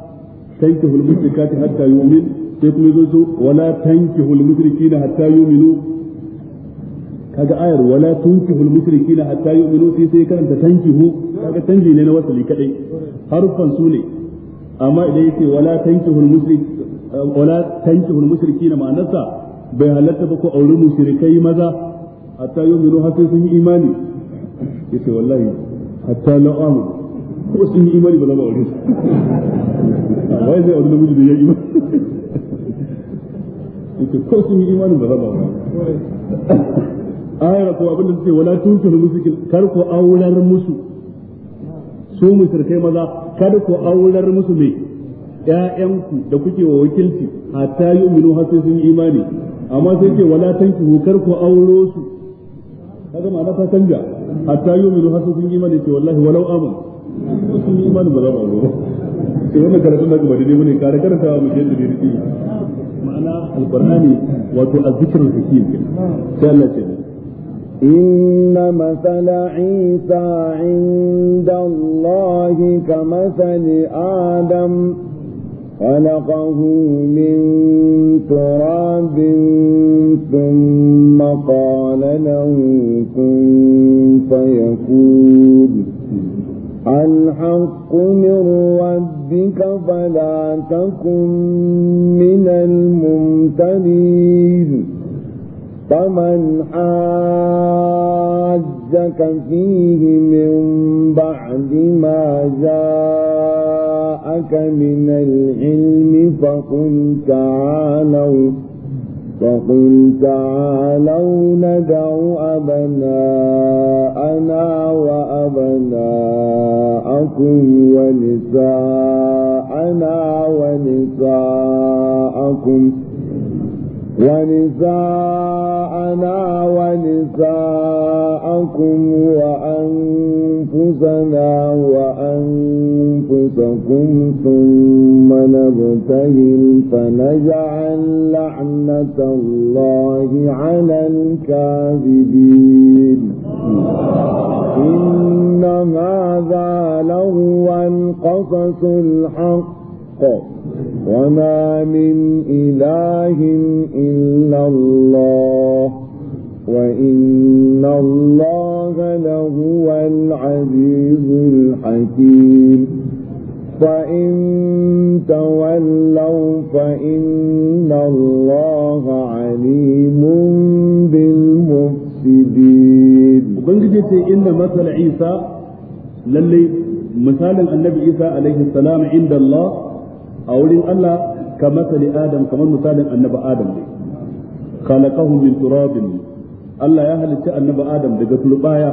tankihu al-mushrikati hatta yu'min sai kuma zo su wala tankihu al-mushrikina hatta yu'minu kaga ayar wala tunkihu al-mushrikina hatta yu'minu sai sai karanta tankihu kaga tanji ne na wasali kadai harfan su ne amma idan yake wala tankihu al wala tankihu al-mushrikina ma'anarsa bai halatta ba ko aure mushrikai maza hatta yu'minu har sai sun yi imani ce wallahi hatta na amu ko sun yi imani ba za mu aure su wai sai aure namiji da ya yi imani ce ko sun yi imani ba za mu aure ayar ko abin da suke wala tun tunkiru musu kar ko aurar musu su mushrikai maza kar ko aurar musu mai ƴaƴanku da kuke wa wakilci hatta yu'minu har sai sun yi imani amma sai ke wala tankihu kar ko auro su kaga ma'ana ta canja hatta yu'minu har sun yi ce wallahi walau amin sun yi ba za wannan karatun da mune kare ma'ana wato hakim sai Allah ce إن مثل عيسى عند الله كمثل آدم خلقه من تراب ثم قال له كن فيكون الحق من ربك فلا تكن من الممتدين فمن حاجك فيه من بعد ما جاء جاءك من العلم فقل تعالوا فقل تعالوا ندع أبناءنا وأبناءكم ونساءنا ونساءكم ونساءنا ونساءكم وأنتم أنفسنا وأنفسكم ثم نبتهل فنجعل لعنة الله على الكاذبين إن هذا لهو القصص الحق وما من إله إلا الله وإن الله لهو العزيز الحكيم فإن تولوا فإن الله عليم بالمفسدين وقلت إن مثل عيسى للي مثال النبي عيسى عليه السلام عند الله أو الله كمثل آدم كما مثال النبي آدم خلقه من تراب Allah ya halitta annabi Adam daga turbaya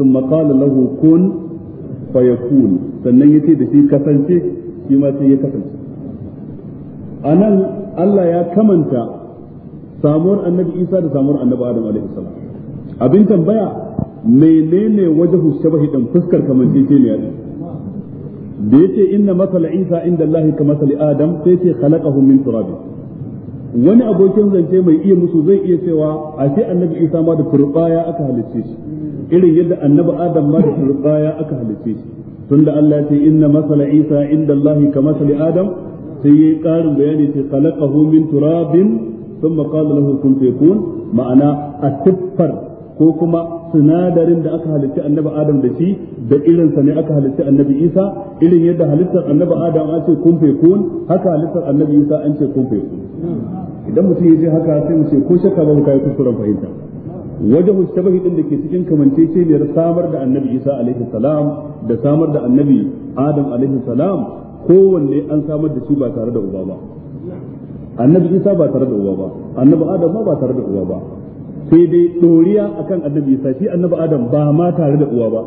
sun qala lahu kun fayakun sannan ya ce da shi kasance shi ma ce ya kasance A nan Allah ya kamanta samuwar annabi Isa da samuwar annabi Adam alaihi salam abin tambaya menene wajhu shabahi dan fuskar kamanceceniya ne da ya yace inna matsala Isa inda Allah ka masali Adam sai ce khalaqahu min turabi. wani abokin zance mai iya musu zai iya cewa a ce annabi isa ma da turbaya aka halicce shi irin yadda annabi adam ma da turbaya aka halicce shi tunda Allah ce inna masala isa inda Allah ka masali adam sai yayi karin bayani ce khalaqahu min turabin sun qala na kun fayakun ma'ana a tiffar ko kuma sinadarin da aka halitta annabi adam da shi da irinsa ne aka halitta annabi isa irin yadda halittar annabi adam an ce kun kun haka halittar annabi isa an ce kun kun idan mutum ya je haka sai mu ce ko shakka ba mu kai kuskuren fahimta wajahu shabahi din da ke cikin kamance ne samar da annabi isa alaihi salam da samar da annabi adam alaihi salam kowanne an samar da shi ba tare da uba ba annabi isa ba tare da uba ba annabi adam ma ba tare da uba ba sai dai a akan annabi isa shi annabi adam ba ma tare da uwa ba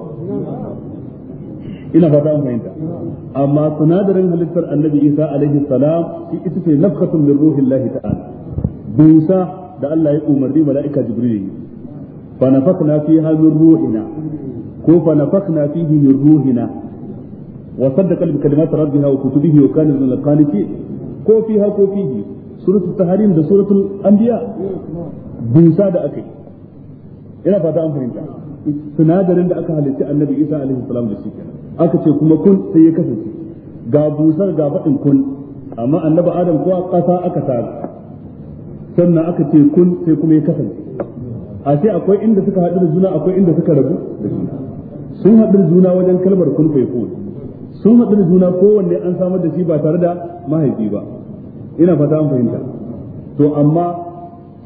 ina fata an fahimta amma sinadarin halittar annabi isa alaihi salam ita ce nafkatun min ruhillahi ta'ala busa da Allah ya umarni mala'ika jibril fa nafakna fiha min ruhina ko fa nafakna fihi min ruhina wa saddaqa bi kalimati rabbina wa kutubihi wa kana min al-qanitin ko fiha ko fihi suratul taharim da suratul anbiya dusa da aka yi ina fata an fahimta sinadarin da aka halitta annabi isa alaihi salam da shi kenan aka ce kuma kun sai ya kasance ga busar ga faɗin kun amma annabi adam kuwa ƙasa aka tara sannan aka ce kun sai kuma ya kasance a ce akwai inda suka haɗu da juna akwai inda suka rabu da juna sun haɗu da juna wajen kalmar kun faifo sun haɗu da juna kowanne an samar da shi ba tare da mahaifi ba ina fata an fahimta to amma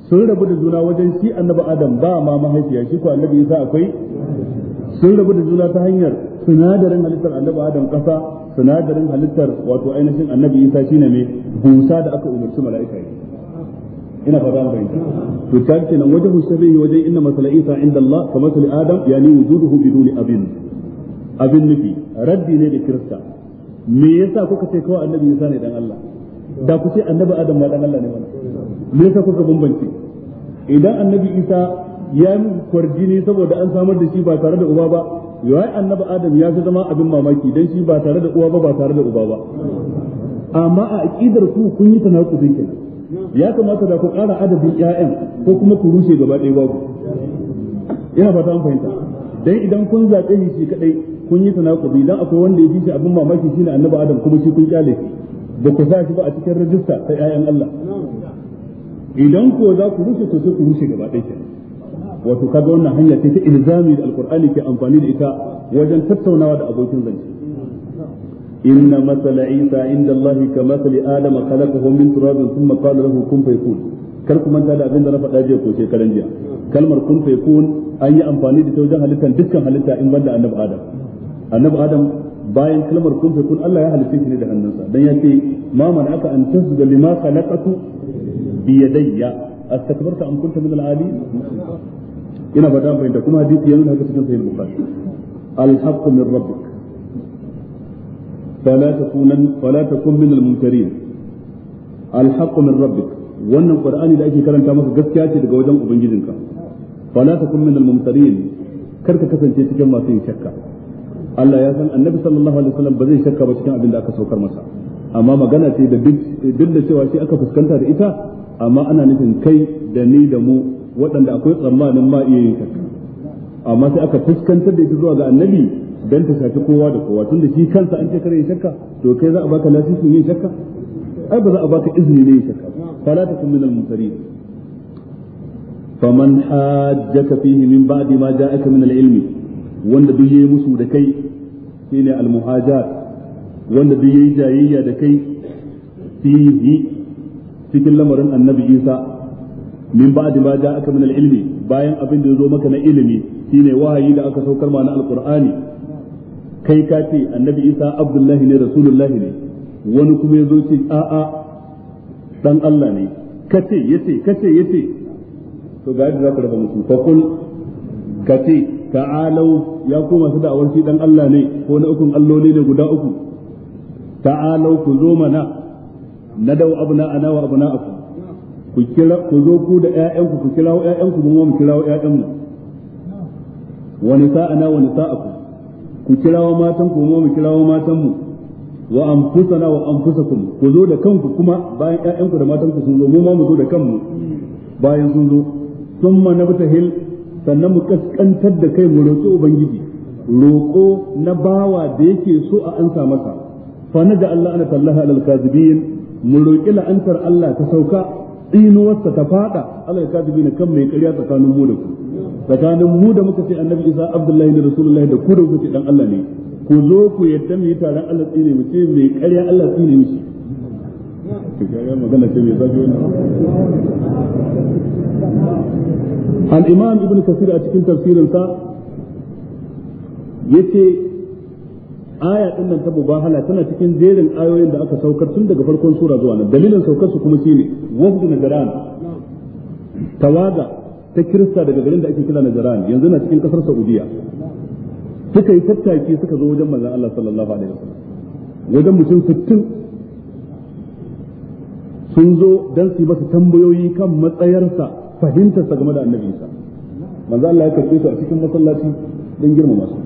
sun rabu da juna wajen shi annabi adam ba ma mahaifiya shi ko annabi isa akwai sun rabu da juna ta hanyar sinadarin halittar annabi adam kasa sinadarin halittar wato ainihin annabi isa shine mai busa da aka umarci mala'ika yi ina fata an bayyana to ta kenan wajen hussabi wajen inna masala isa inda Allah ka masali adam yani wujuduhu biduni abin abin nufi raddi ne da kirista me yasa kuka ce kawai annabi isa ne dan Allah da ku ce annabi adam ma dan Allah ne wannan me yasa kuka bambance idan annabi isa ya yi ne saboda an samar da shi ba tare da uba ba yayi annabi adam ya fi zama abin mamaki dan shi ba tare da uwa ba ba tare da uba ba amma a aqidar ku kun yi tanakudi ke ya kamata da ku ƙara adadin ƴaƴan ko kuma ku rushe gaba ɗaya babu ina fata an fahimta dan idan kun zaɓe ni shi kadai kun yi tanakudi dan akwai wanda ya fi shi abin mamaki shine annabi adam kuma shi kun kyale ba ku sa shi ba a cikin rajista ta ƴaƴan Allah idan ko za ku rushe to sai ku rushe gaba ɗaya kenan wato kaga wannan hanya ce ta ilzami da alqur'ani ke amfani da ita wajen tattaunawa da abokin zance inna masala isa inda allah ka masali adama khalaqahu min turabin thumma qala lahu kun fayakun kar ku manta da abin da na faɗa jiya ko shekaran jiya kalmar kun fayakun an yi amfani da ita wajen halittar dukkan halitta in banda annabi adam annabi adam bayan kalmar kun fayakun allah ya halitta shi ne da hannunsa dan ya ce ma man aka an tasda lima khalaqatu biyadayya ina ba kuma hadisi yanzu haka cikin sahih bukhari al-haqqu min rabbik fala takunan fala takun min al-munkarin al-haqqu min rabbik wannan qur'ani da ake karanta maka gaskiya ce daga wajen ubangijinka fala takun min al kar ka kasance cikin masu yin shakka Allah ya san annabi sallallahu alaihi wasallam ba zai shakka ba cikin abin da aka saukar masa amma magana ce da duk da cewa shi aka fuskanta da ita amma ana nufin kai da ni da mu waɗanda akwai tsammanin ma iya yin shakka amma sai aka fuskantar da ita zuwa ga annabi don ta shafi kowa da kowa da shi kansa an ce kare yin shakka to kai za a baka lasisin yin shakka ai ba za a baka izini ne yin shakka fala takun minal mumtarin faman hajjaka fihi min ba'di ma ja'aka min al-ilmi wanda duk yayi musu da kai shine al muhajar wanda duk yayi jayayya da kai fihi cikin lamarin annabi isa min ba'di ma ja'aka min al-ilmi bayan abin da yazo maka na ilimi shine wahayi da aka saukar ma na alqur'ani kai ka ce annabi isa abdullahi ne rasulullahi ne wani kuma ya zo ce a'a dan Allah ne Ka kace yace kace yace to ga yadda zaka raba musu fa kul kace ta'alau ya koma su da'awar shi dan Allah ne ko na ukun alloli ne guda uku ta'alau ku zo mana abuna ana wa aku ku kira ku zo ku da ƴaƴanku ku kirawo ƴaƴanku mun mu kirawo ƴaƴanmu wa ana wa aku ku kirawo matanku mu mu kirawo matanmu wa anfusana wa anfusakum ku zo da kanku kuma bayan ƴaƴanku da matanku sun zo mu ma mu zo da kanmu bayan sun zo summa nabtahil sannan mu kaskantar da kai mu roƙi ubangiji roƙo na bawa da yake so a ansa masa fa naja Allah ana tallaha alal kazibin mu roƙi la'antar Allah ta sauka tsinuwarsa ta fada Allah ya kaji bina kan mai ƙarya tsakanin mu da ku tsakanin mu da muka ce annabi Isa Abdullahi ne Rasulullahi da ku da kuke dan Allah ne ku zo ku yadda mu yi taron Allah tsine mu ce mai ƙarya Allah tsine mu ce al-imam ibn kasir a cikin tafsirinsa yace aya din nan ta mubahala tana cikin jerin ayoyin da aka saukar tun daga farkon sura zuwa nan dalilin saukar su kuma shine wafdu najaran tawaga ta kirista daga garin da ake kira najaran yanzu na cikin kasar saudiya suka yi tattaki suka zo wajen manzon Allah sallallahu alaihi wasallam wajen mutum 60 sun zo dan su yi masa tambayoyi kan matsayarsa fahimtarsa game da annabi Isa manzo Allah ya karbe su a cikin masallaci dan girmama su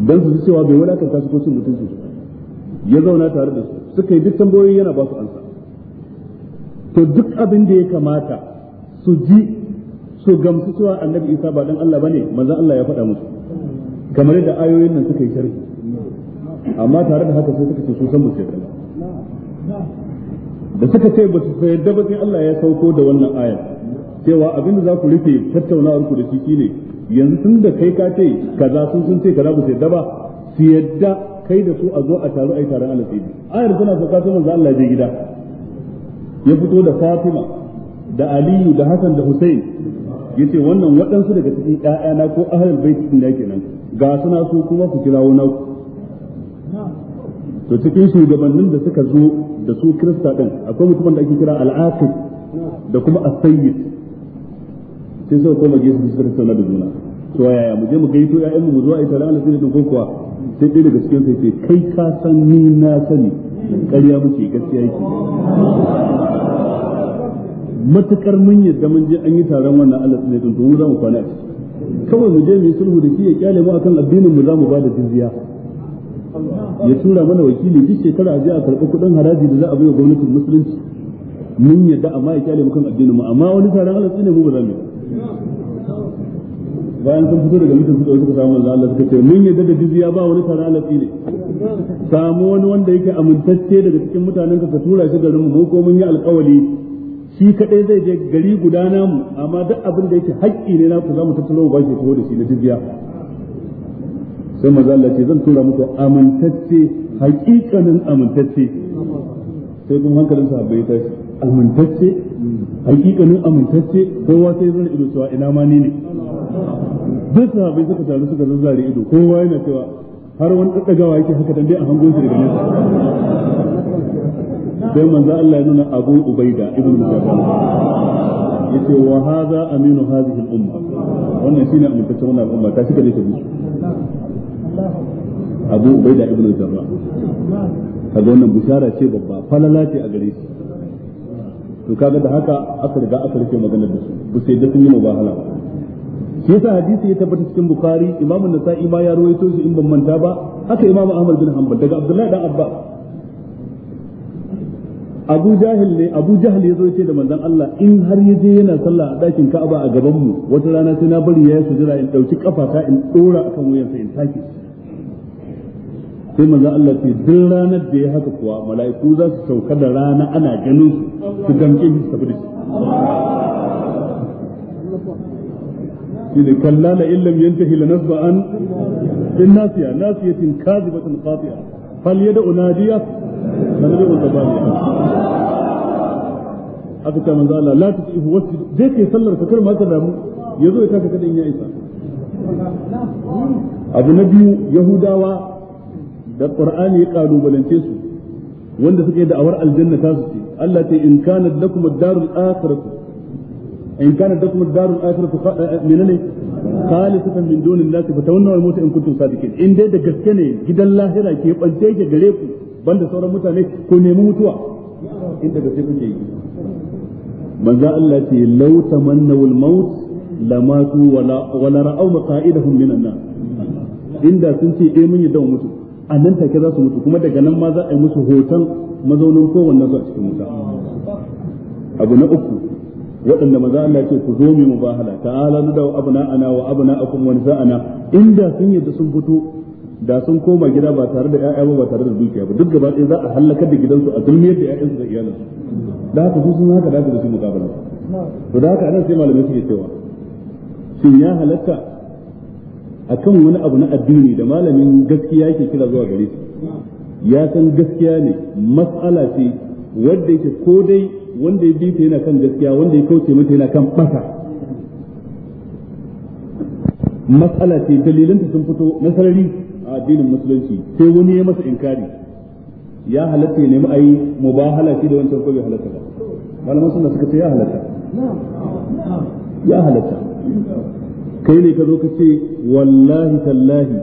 Don su cewa bai wulakanta su ko cin mutuncin su ya zauna tare da su suka yi duk tambayoyi yana ba su ansa to duk abin da ya kamata su ji su gamsu cewa annabi isa ba dan Allah bane manzon Allah ya faɗa musu kamar yadda ayoyin nan suka yi sharhi amma tare da haka sai suka ce su san mutum da suka ce ba su yadda ba sai Allah ya sauko da wannan ayar cewa abin da za ku rufe tattaunawar ku da shi shine yanzu tun da kai ka ce kaza sun sun ce kaza ba su daba su yadda kai da su a zo a taru ai taron alfidi ayar tana sauka sai manzo Allah je gida ya fito da Fatima da Aliyu da Hassan da Hussein yace wannan waɗansu daga cikin ƴaƴana ko ahlul bait din da kenan ga suna su kuma ku kirawo na ku to cikin shugabannin da suka zo da su Kirista din akwai mutumin da ake kira al da kuma as-sayyid sai suka koma gefe su suka tattauna da juna to yaya mu je mu gaito ya mu zuwa ita ranar sai da kokowa sai ɗaya daga cikin sai kai ka san ni na sani ƙarya muke gaskiya yake matukar mun yadda mun je an yi taron wannan Allah sai da to mu za mu kwana a ciki kawai mu je mu yi sulhu da shi ya kyale mu akan addinin mu za mu ba da jizya ya tura mana wakili duk shekara a je a karɓi kuɗin haraji da za a bai wa gwamnatin musulunci mun yadda amma ya kyale mu kan addinin mu amma wani taron Allah sai ne mu ba za mu yi bayan sun fito daga mutum suka suka samu manzo Allah suka ce mun yadda da jizya ba wani tara alafi ne samu wani wanda yake amintacce daga cikin mutanen ka tura shi garin mu ko mun yi alƙawari shi kadai zai je gari guda namu amma duk abin da yake haƙƙi ne na ku za mu tattalo ba shi ko da shi na jizya sai manzo Allah ce zan tura muku amintacce haƙiƙanin amintacce sai kuma hankalin sa bai tashi amintacce hakikanin amintacce kowa sai zan ido cewa ina ma ni ne duk sahabbai suka taru suka zazzare ido kowa yana cewa har wani daddagawa yake haka dan dai a hangon shi daga nesa sai manzo Allah ya nuna Abu Ubaida ibn Musa yace wa hadha aminu hadhihi al-umma wannan shine amintaccen wannan al'umma ta shiga ne ta bisu Abu Ubaida ibn Jarra kaga wannan bushara ce babba falala ce a gare shi to kaga da haka aka riga aka rike magana da su ba sai da sun yi mubahala shi yasa hadisi ya tabbata cikin bukhari imamu nasa'i ma ya rawaito shi in ban manta ba haka imamu ahmad bin hanbal daga abdullahi dan abba abu jahil ne abu jahil ya zo ce da manzon Allah in har ya je yana sallah a dakin ka'aba a gaban mu wata rana sai na bari ya sujira in dauki kafata in dora akan wuyan sa in take sai manzon Allah ce duk ranar da ya haka kuwa mala'iku za su sauka da rana ana ganin su su gamke su tafi da shi shine kalla la illam yantahi lanasba an in nasiya nasiyatin kadhibatan qati'a fal yad'u nadiya sanad'u zabaniya aka ce manzo Allah la tusihu wasjud je ke sallar ka kar ma ka damu yazo ya taka kadin ya isa abu na biyu yahudawa da qur'ani ya kalubalance su wanda suke da awar aljanna ta su ce Allah ta in kana lakum ad-darul akhirah in kana da kuma darul akhiratu menene khalisatan min dunin nasi fa tawannaw al-mauta in kuntum sadiqin in dai da gaske ne gidan lahira ke bance ke gare ku banda sauran mutane ko nemi mutuwa inda gaske kuke yi manzo Allah ce law tamannawul maut lamatu wala wala ra'aw maqaidahum minan nar inda sun ce eh mun yi mutu a nan take za su mutu kuma daga nan ma za a yi musu hoton mazaunin kowanne su a cikin wuta abu na uku waɗanda maza Allah ce ku zo mu mubahala ta'ala nu dawo abna ana wa abna akum wa nisa'ana inda sun yadda sun fito da sun koma gida ba tare da ƴaƴa ba ba tare da dukiya ba duk gaba ɗaya za a halakar da gidansu a zulmiyar da ƴaƴansu da iyalansu da haka su sun haka da haka da su mukabala to da haka anan sai malamai suke cewa shin ya halatta akan wani abu na addini da malamin gaskiya yake kira zuwa gare shi ya san gaskiya ne mas'ala ce wadda yake ko dai wanda ya bi ta yana kan gaskiya wanda ya kauce mata yana kan bata matsala ce dalilanta sun fito na sarari a addinin musulunci sai wani ya masa inkari ya halatta ya nemi ayi mubahala shi da wancan ko bai halatta ba malaman suna suka ce ya halatta ya halatta kai ne ka zo ka ce wallahi tallahi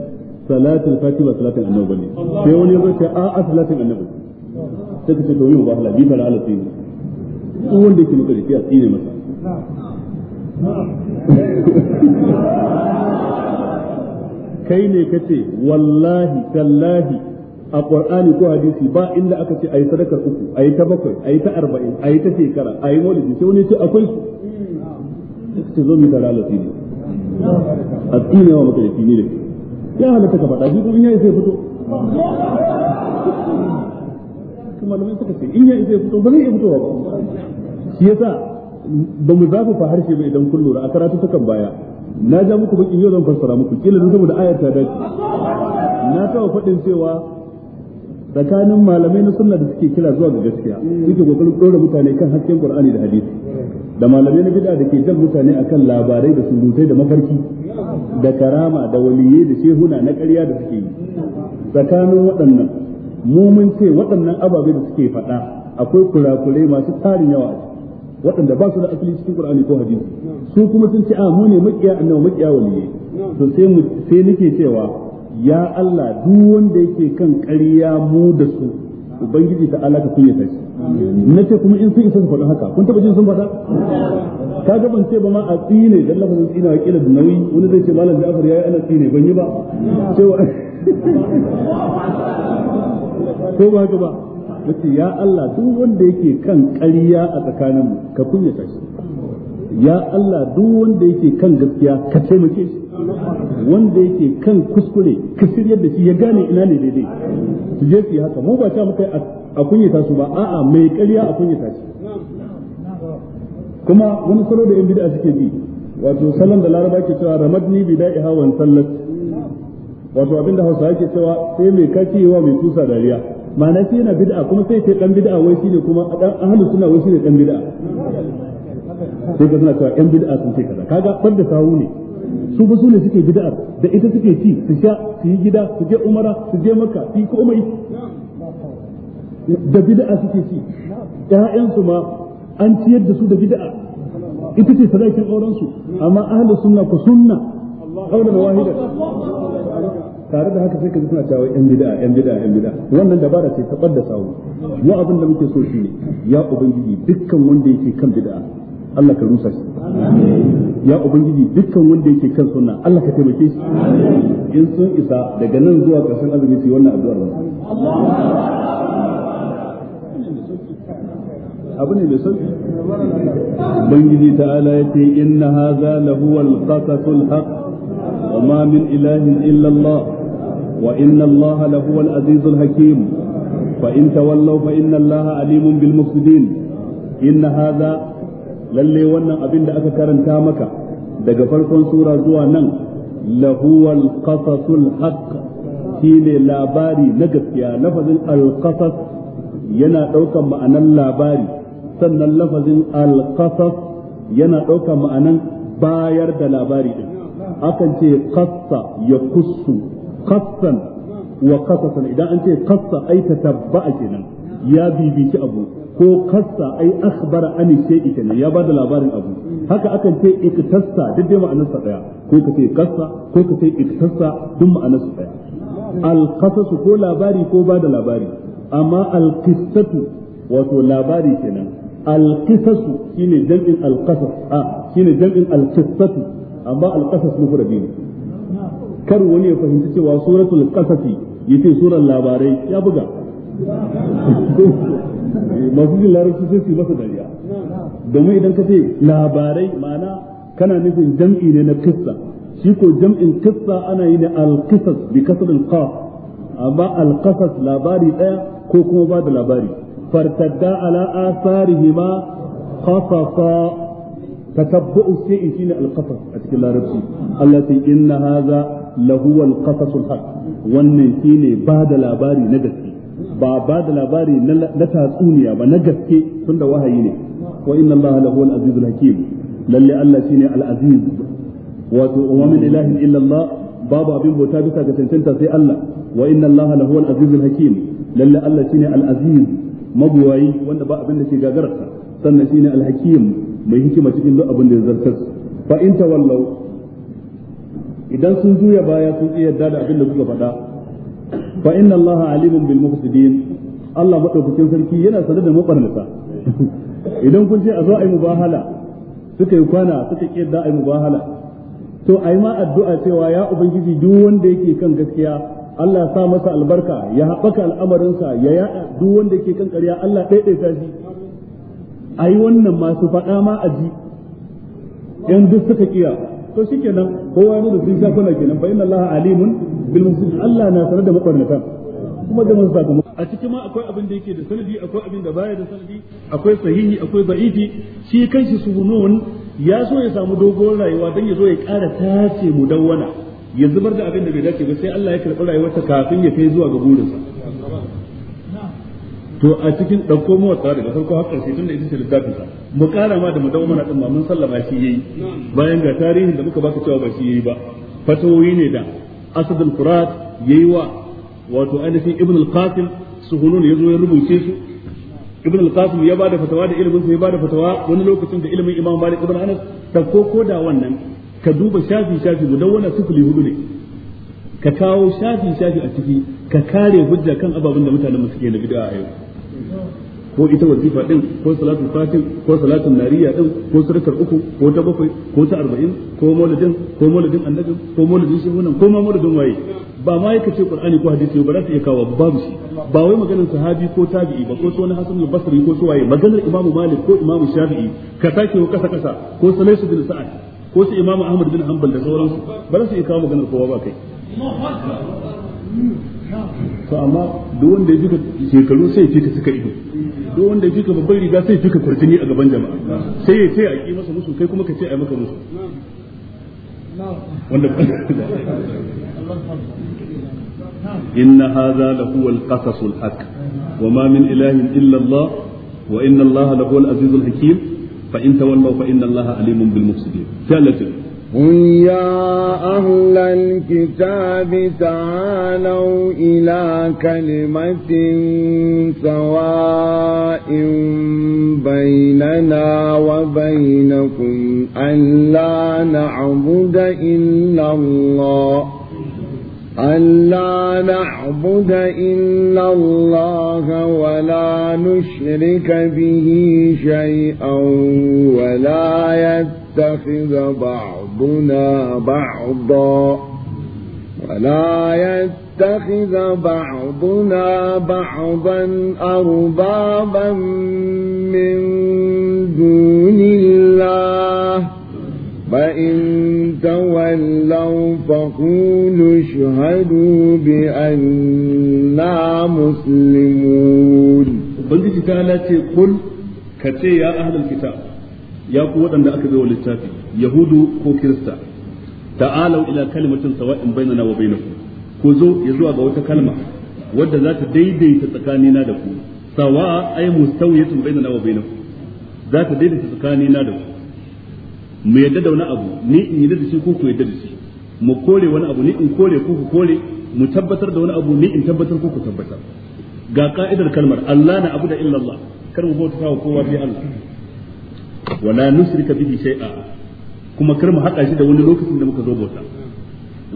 salatul fati ba salatul annabi bane sai wani ya zo ce a a salatul annabi sai ka ce to yi mubahala bi fara halatta duk wanda yake makarfi a tsine masa kai ne ka ce wallahi tallahi a ƙwar'ani ko hadisi ba inda aka ce a yi sadakar uku a yi ta bakwai a yi ta arba'in a yi ta shekara a yi maulidi sai wani ce akwai su ce zo mi da lalaci ne a tsine wa makarfi ne ya halatta ka faɗa shi kuma ya sai fito su malamai suka ce in ya isa ya fito ba zai iya fitowa ba shi yasa ba mu zafafa harshe ba idan kun lura a karatu kan baya na ja muku bakin yau zan fassara muku kila don saboda ayar ta dace na tawa faɗin cewa tsakanin malamai na sunna da suke kira zuwa ga gaskiya suke kokarin ɗora mutane kan hasken qur'ani da hadisi da malamai na bid'a da ke jan mutane akan labarai da surutai da mafarki da karama da waliyyai da shehuna na ƙarya da suke yi tsakanin waɗannan mumin ce waɗannan ababe da suke faɗa akwai kurakurai masu tarin yawa waɗanda ba su da asali cikin Qur'ani ko hadisi su kuma sun ce a mu ne makiya annabi makiya ne to sai mu sai nake cewa ya Allah duk wanda yake kan ƙarya mu da su ubangiji ta Allah ka yi tashi na ce kuma in sun isa su faɗi haka kun taɓa jin sun faɗa ka ga ban ce ba ma a tsine dan lafazin tsina wa kila da nauyi wani zai ce malam Ja'far yayi ana tsine ban yi ba cewa ko ba haka ba yace ya Allah duk wanda yake kan ƙarya a tsakanin mu ka kunyata shi ya Allah duk wanda yake kan gaskiya ka taimake shi wanda yake kan kuskure ka shiryar da shi ya gane ina ne daidai su je su yi haka mu ba ta muka a kunyata su ba a'a mai ƙarya a kunyata shi kuma wani salo da yan bid'a suke bi wato salon da laraba ke cewa ramadni da'iha wan sallat wato abinda Hausa yake cewa sai mai kaci wa mai kusa dariya ma'ana shi yana bid'a kuma sai ce dan bid'a wai shine kuma dan ahlus sunna wai shine dan bid'a sai ka suna cewa yan bid'a sun ce kaza kaga fadda sawu ne su ba su ne suke bid'ar da ita suke ci su sha su yi gida su je umara su je makka su yi komai da bid'a suke ci ƴaƴansu ma an ciyar da su da bid'a ita ce sadakin auren su amma ahlus sunna ku sunna qawlan wahidan tare da haka sai ka ji suna cewa yan bid'a yan bid'a yan bid'a wannan dabara ce ta da sawu mu abin da muke so ne. ya ubangiji dukkan wanda yake kan bid'a Allah ka rusa shi ya ubangiji dukkan wanda yake kan sunna Allah ka taimake shi in sun isa daga nan zuwa karshen azumi su wannan addu'ar ba abu ne mai sauki ubangiji ta'ala ya ce inna hadha lahu al-qasasul haqq wa ma min ilahin illa Allah وإن الله لهو العزيز الحكيم فإن تولوا فإن الله عليم بالمفسدين إن هذا للي ونا أبين دأك كارن تامك دقى فرقون سورة زوا لهو القصص الحق shine labari na gaskiya lafazin alqasas yana ɗaukan ma'anan labari sannan lafazin alqasas yana ɗaukan ma'anan bayar da labari din akan ce qassa ya kussu qassan wa qasasan idan an ce qassa ai tatabba'a kenan ya bibici abu ko qassa ai akhbara an shay'i kenan ya bada labarin abu haka akan ce iktassa duk dai ma'anar sa daya ko ka ce qassa ko ka ce iktassa duk ma'anar sa daya al qasasu ko labari ko bada labari amma al qissatu wato labari kenan al qisasu shine jam'in al qasas a ah, shine jam'in al qissatu amma al qasas mufradi ne kar wani ya fahimci cewa suratul qasasi yace surar labarai ya buga masu jin larabci sai su masa dariya domin idan ka ce labarai ma'ana kana nufin jam'i ne na kissa shi ko jam'in kissa ana yi da alqisas bi kasr alqaf amma alqasas labari daya ko kuma ba da labari fartadda ala asarihima qasasa in shay'in shine alqasas a cikin larabci Allah sai inna haza. lahuwa alqasasul haq wannan shine ba da labari na gaske ba ba da labari na tatsuniya ba na gaske tunda wahayi ne wa inna allaha lahuwal azizul hakim lalle Allah shine al aziz wato wa min ilahin illa Allah babu abin bauta bisa ga tantanta sai Allah wa inna allaha lahuwal azizul hakim lalle Allah shine al aziz mabuwayi wanda ba abin da ke gagararsa sannan shine al hakim mai hikima cikin duk abin da ya zartar fa in tawallaw idan sun juya baya sun iya yarda da abin da kuka faɗa fa inna Allah alimun bil mufsidin Allah madaukakin sarki yana sanar da mabarnata idan kun ce a zo a yi mubahala suka yi kwana suka ki yarda a yi mubahala to a yi ma addu'a cewa ya ubangiji duk wanda yake kan gaskiya Allah sa masa albarka ya haɓaka al'amarinsa ya yada. duk wanda yake kan ƙarya Allah ɗaiɗaita shi a yi wannan masu faɗa ma a ji Yan duk suka kiya to shikenan kowa ne da sun sha kuna kenan fa inna allaha alimun bil mufsidin allah na sanar da makwarnata kuma da musu sakamako a cikin ma akwai abin da yake da sanadi akwai abin da baya da sanadi akwai sahihi akwai da'ifi shi kanshi sunun ya so ya samu dogon rayuwa dan ya zo ya ƙara tace mu dawwana ya zubar da abin da bai dace ba sai Allah ya karɓi rayuwarsa kafin ya kai zuwa ga burinsa to a cikin ɗauko mu wata daga farko har ƙarshe da ita ce littafin sa mu ƙara ma da mu dawo mana ɗin ma mun sallama shi yayi bayan ga tarihin da muka baka cewa ba shi yayi ba fatawoyi ne da asadul furat yayi wa wato ainihin ibn al-qasim suhunun yazo ya rubuce su ibn al-qasim ya bada fatawa da ilimin sa ya bada fatawa wani lokacin da ilimin imam malik ibn anas ta koko da wannan ka duba shafi shafi mu na sufuli hudu ne ka kawo shafi shafi a ciki ka kare hujja kan ababen da mutanen mu suke na bid'a a yau ko ita wazifa din ko salatul fatim ko salatul nariya din ko surkar uku ko ta bakwai ko ta arba'in ko mauludin ko mauludin annabi ko shi wannan ko ma mauludin waye ba ma yake ce qur'ani ko hadisi ba za ta iya kawo babu shi ba wai maganar sahabi ko tabi'i ba ko to wani hasan basri ko su waye maganar imamu malik ko imamu shafi'i ka take ko kasa kasa ko salaisu bin sa'ad ko su imamu ahmad bin hanbal da sauransu ba za su iya kawo maganar kowa ba kai to amma duk wanda ya fika shekaru sai ya fika suka ido duk wanda ya fika babban riga sai ya fika kurtini a gaban jama'a sai ya ce a ki masa musu kai kuma ka ce a maka musu wanda inna hadha lahu al-qasasul haqq wa ma min ilahin illa Allah wa inna Allah lahu al-azizul hakim fa in tawallaw fa inna Allah alimun bil mufsidin sai قل يا أهل الكتاب تعالوا إلى كلمة سواء بيننا وبينكم ألا نعبد إلا الله ألا نعبد إلا الله ولا نشرك به شيئا ولا يتخذ بعض بعضنا بعضا ولا يتخذ بعضنا بعضا أربابا من دون الله فإن تولوا فقولوا اشهدوا بأننا مسلمون بل تعالى قل كتي يا أهل الكتاب يا قوة أن أكبر للتافي yahudu ko kirista ta'alau ila kalimatin sawa'in bainana wa bainakum ku zo ya zuwa ga wata kalma wadda za ta daidaita tsakanina da ku sawa ay mustawiyatun bainana wa bainakum za ta daidaita tsakanina da ku mu yadda da wani abu ni in yadda da shi ko ku yadda da shi mu kore wani abu ni in kore ko ku kore mu tabbatar da wani abu ni in tabbatar ko ku tabbatar ga ka'idar kalmar Allah na abu da illallah kar mu bauta wa kowa bi Allah wala nusrika bihi shay'a kuma kar mu haɗa shi da wani lokacin da muka zo bauta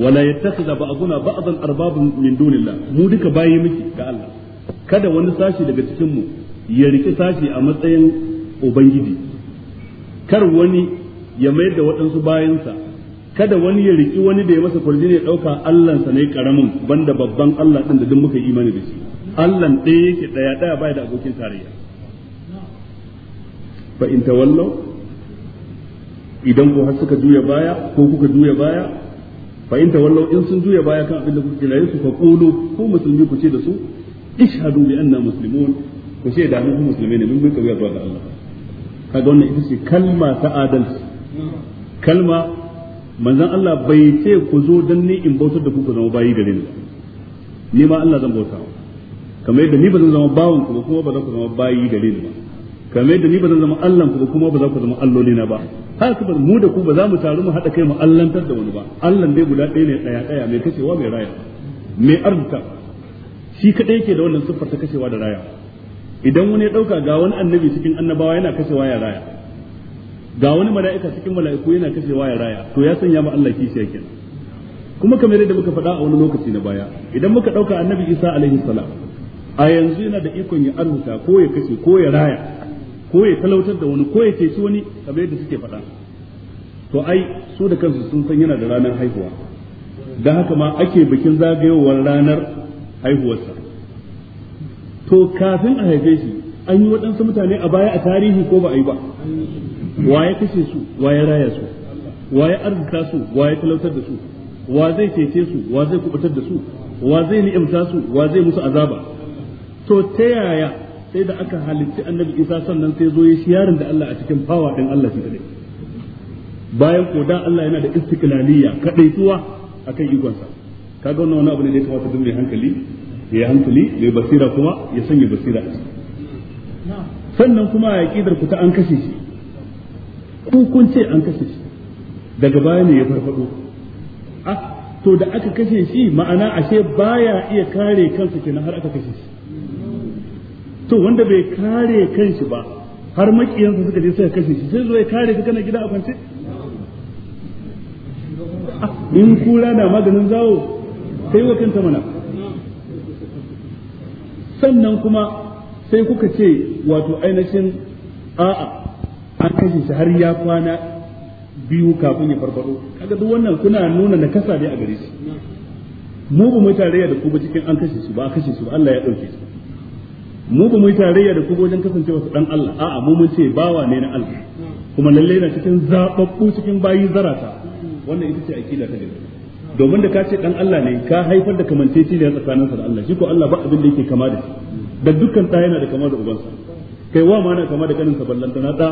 wala yattakhidha ba'duna ba'dan arbabun min dunillah mu duka bayi miki ga Allah kada wani sashi daga cikin mu ya riki sashi a matsayin ubangiji kar wani ya mayar da waɗansu bayansa kada wani ya riki wani da ya masa kwarjini ya ɗauka sa ne karamin banda babban Allah ɗin da duk muka imani da shi Allah ɗaya yake ɗaya ɗaya bai da abokin tarayya fa in tawallaw idan ko har suka juya baya ko kuka juya baya fa in wallahu in sun juya baya kan abin da kuke kiraye su fa qulu ko musulmi ku ce da su ishhadu bi anna muslimun ku ce da mu musulmai ne mun bi kauya zuwa ga Allah kaga wannan ita ce kalma ta adalci kalma manzon Allah bai ce ku zo dan ni in bautar da ku ku zama bayi gare ni ni ma Allah zan bauta kamar yadda ni ba zan zama bawon ku kuma ba zan zama bayi gare ni ba kamar da ni ba zan zama allah ku kuma ba za ku zama alloli na ba haka ba mu da ku ba za mu taru mu haɗa kai mu allantar da wani ba allan dai guda ɗaya ne ɗaya ɗaya mai kashewa mai raya mai arzuta shi kaɗai yake da wannan siffar ta kashewa da raya idan wani ya ɗauka ga wani annabi cikin annabawa yana kashewa ya raya ga wani mala'ika cikin mala'iku yana kashewa ya raya to ya sanya ma Allah kishiya kenan kuma kamar yadda muka faɗa a wani lokaci na baya idan muka ɗauka annabi Isa alaihi salam a yanzu yana da ikon ya arzuta ko ya kashe ko ya raya ko ya talautar da wani ko ya ceci wani kamar yadda suke faɗa to ai su da kansu sun san yana da ranar haihuwa da haka ma ake bikin zagayowar ranar haihuwarsa to kafin a haife shi an yi waɗansu mutane a baya a tarihi ko ba a yi ba wa ya kashe su wa ya raya su wa ya arzika su wa ya talautar da su wa zai cece su wa zai kubutar da su wa zai ni'imta su wa zai musu azaba to ta yaya sai da aka halitta annabi isa sannan sai zo ya shiyarin da Allah a cikin fawa din Allah shi kadai bayan ko da Allah yana da istiklaliya kadai tuwa akan igonsa. kaga wannan wani abu ne da ya kamata duk mai hankali ya yi hankali mai basira kuma ya sanya basira a ciki sannan kuma a yaƙidar ku ta an kashe shi ku kun ce an kashe shi daga baya ne ya farfado ah to da aka kashe shi ma'ana ashe baya iya kare kansa kenan har aka kashe shi to wanda bai kare kanshi ba har makiyansa suka je suka kashe shi sai zo ya kare ka kana gida a kwance ah, in kura da maganin zawo kai wa kanta mana sannan kuma sai kuka ce wato ainihin a'a an kashe shi har ya kwana biyu kafin ya farfado kaga duk wannan kuna nuna na kasa ne a gare shi mu ba mu tarayya da ku ba cikin an kashe su ba a kashe su ba Allah ya dauke shi mu ba mu tarayya da ku wajen kasancewa su dan Allah a'a mu mun ce bawa ne na Allah kuma lalle na cikin zababbu cikin bayi zarata wannan ita ce akida ta gaskiya domin da ka ce dan Allah ne ka haifar da kamanceceniya tsakanin sa da Allah shi ko Allah ba abin da yake kama da shi da dukkan ta yana da kama da ubansa kai wa ma na kama da sa ballanta na da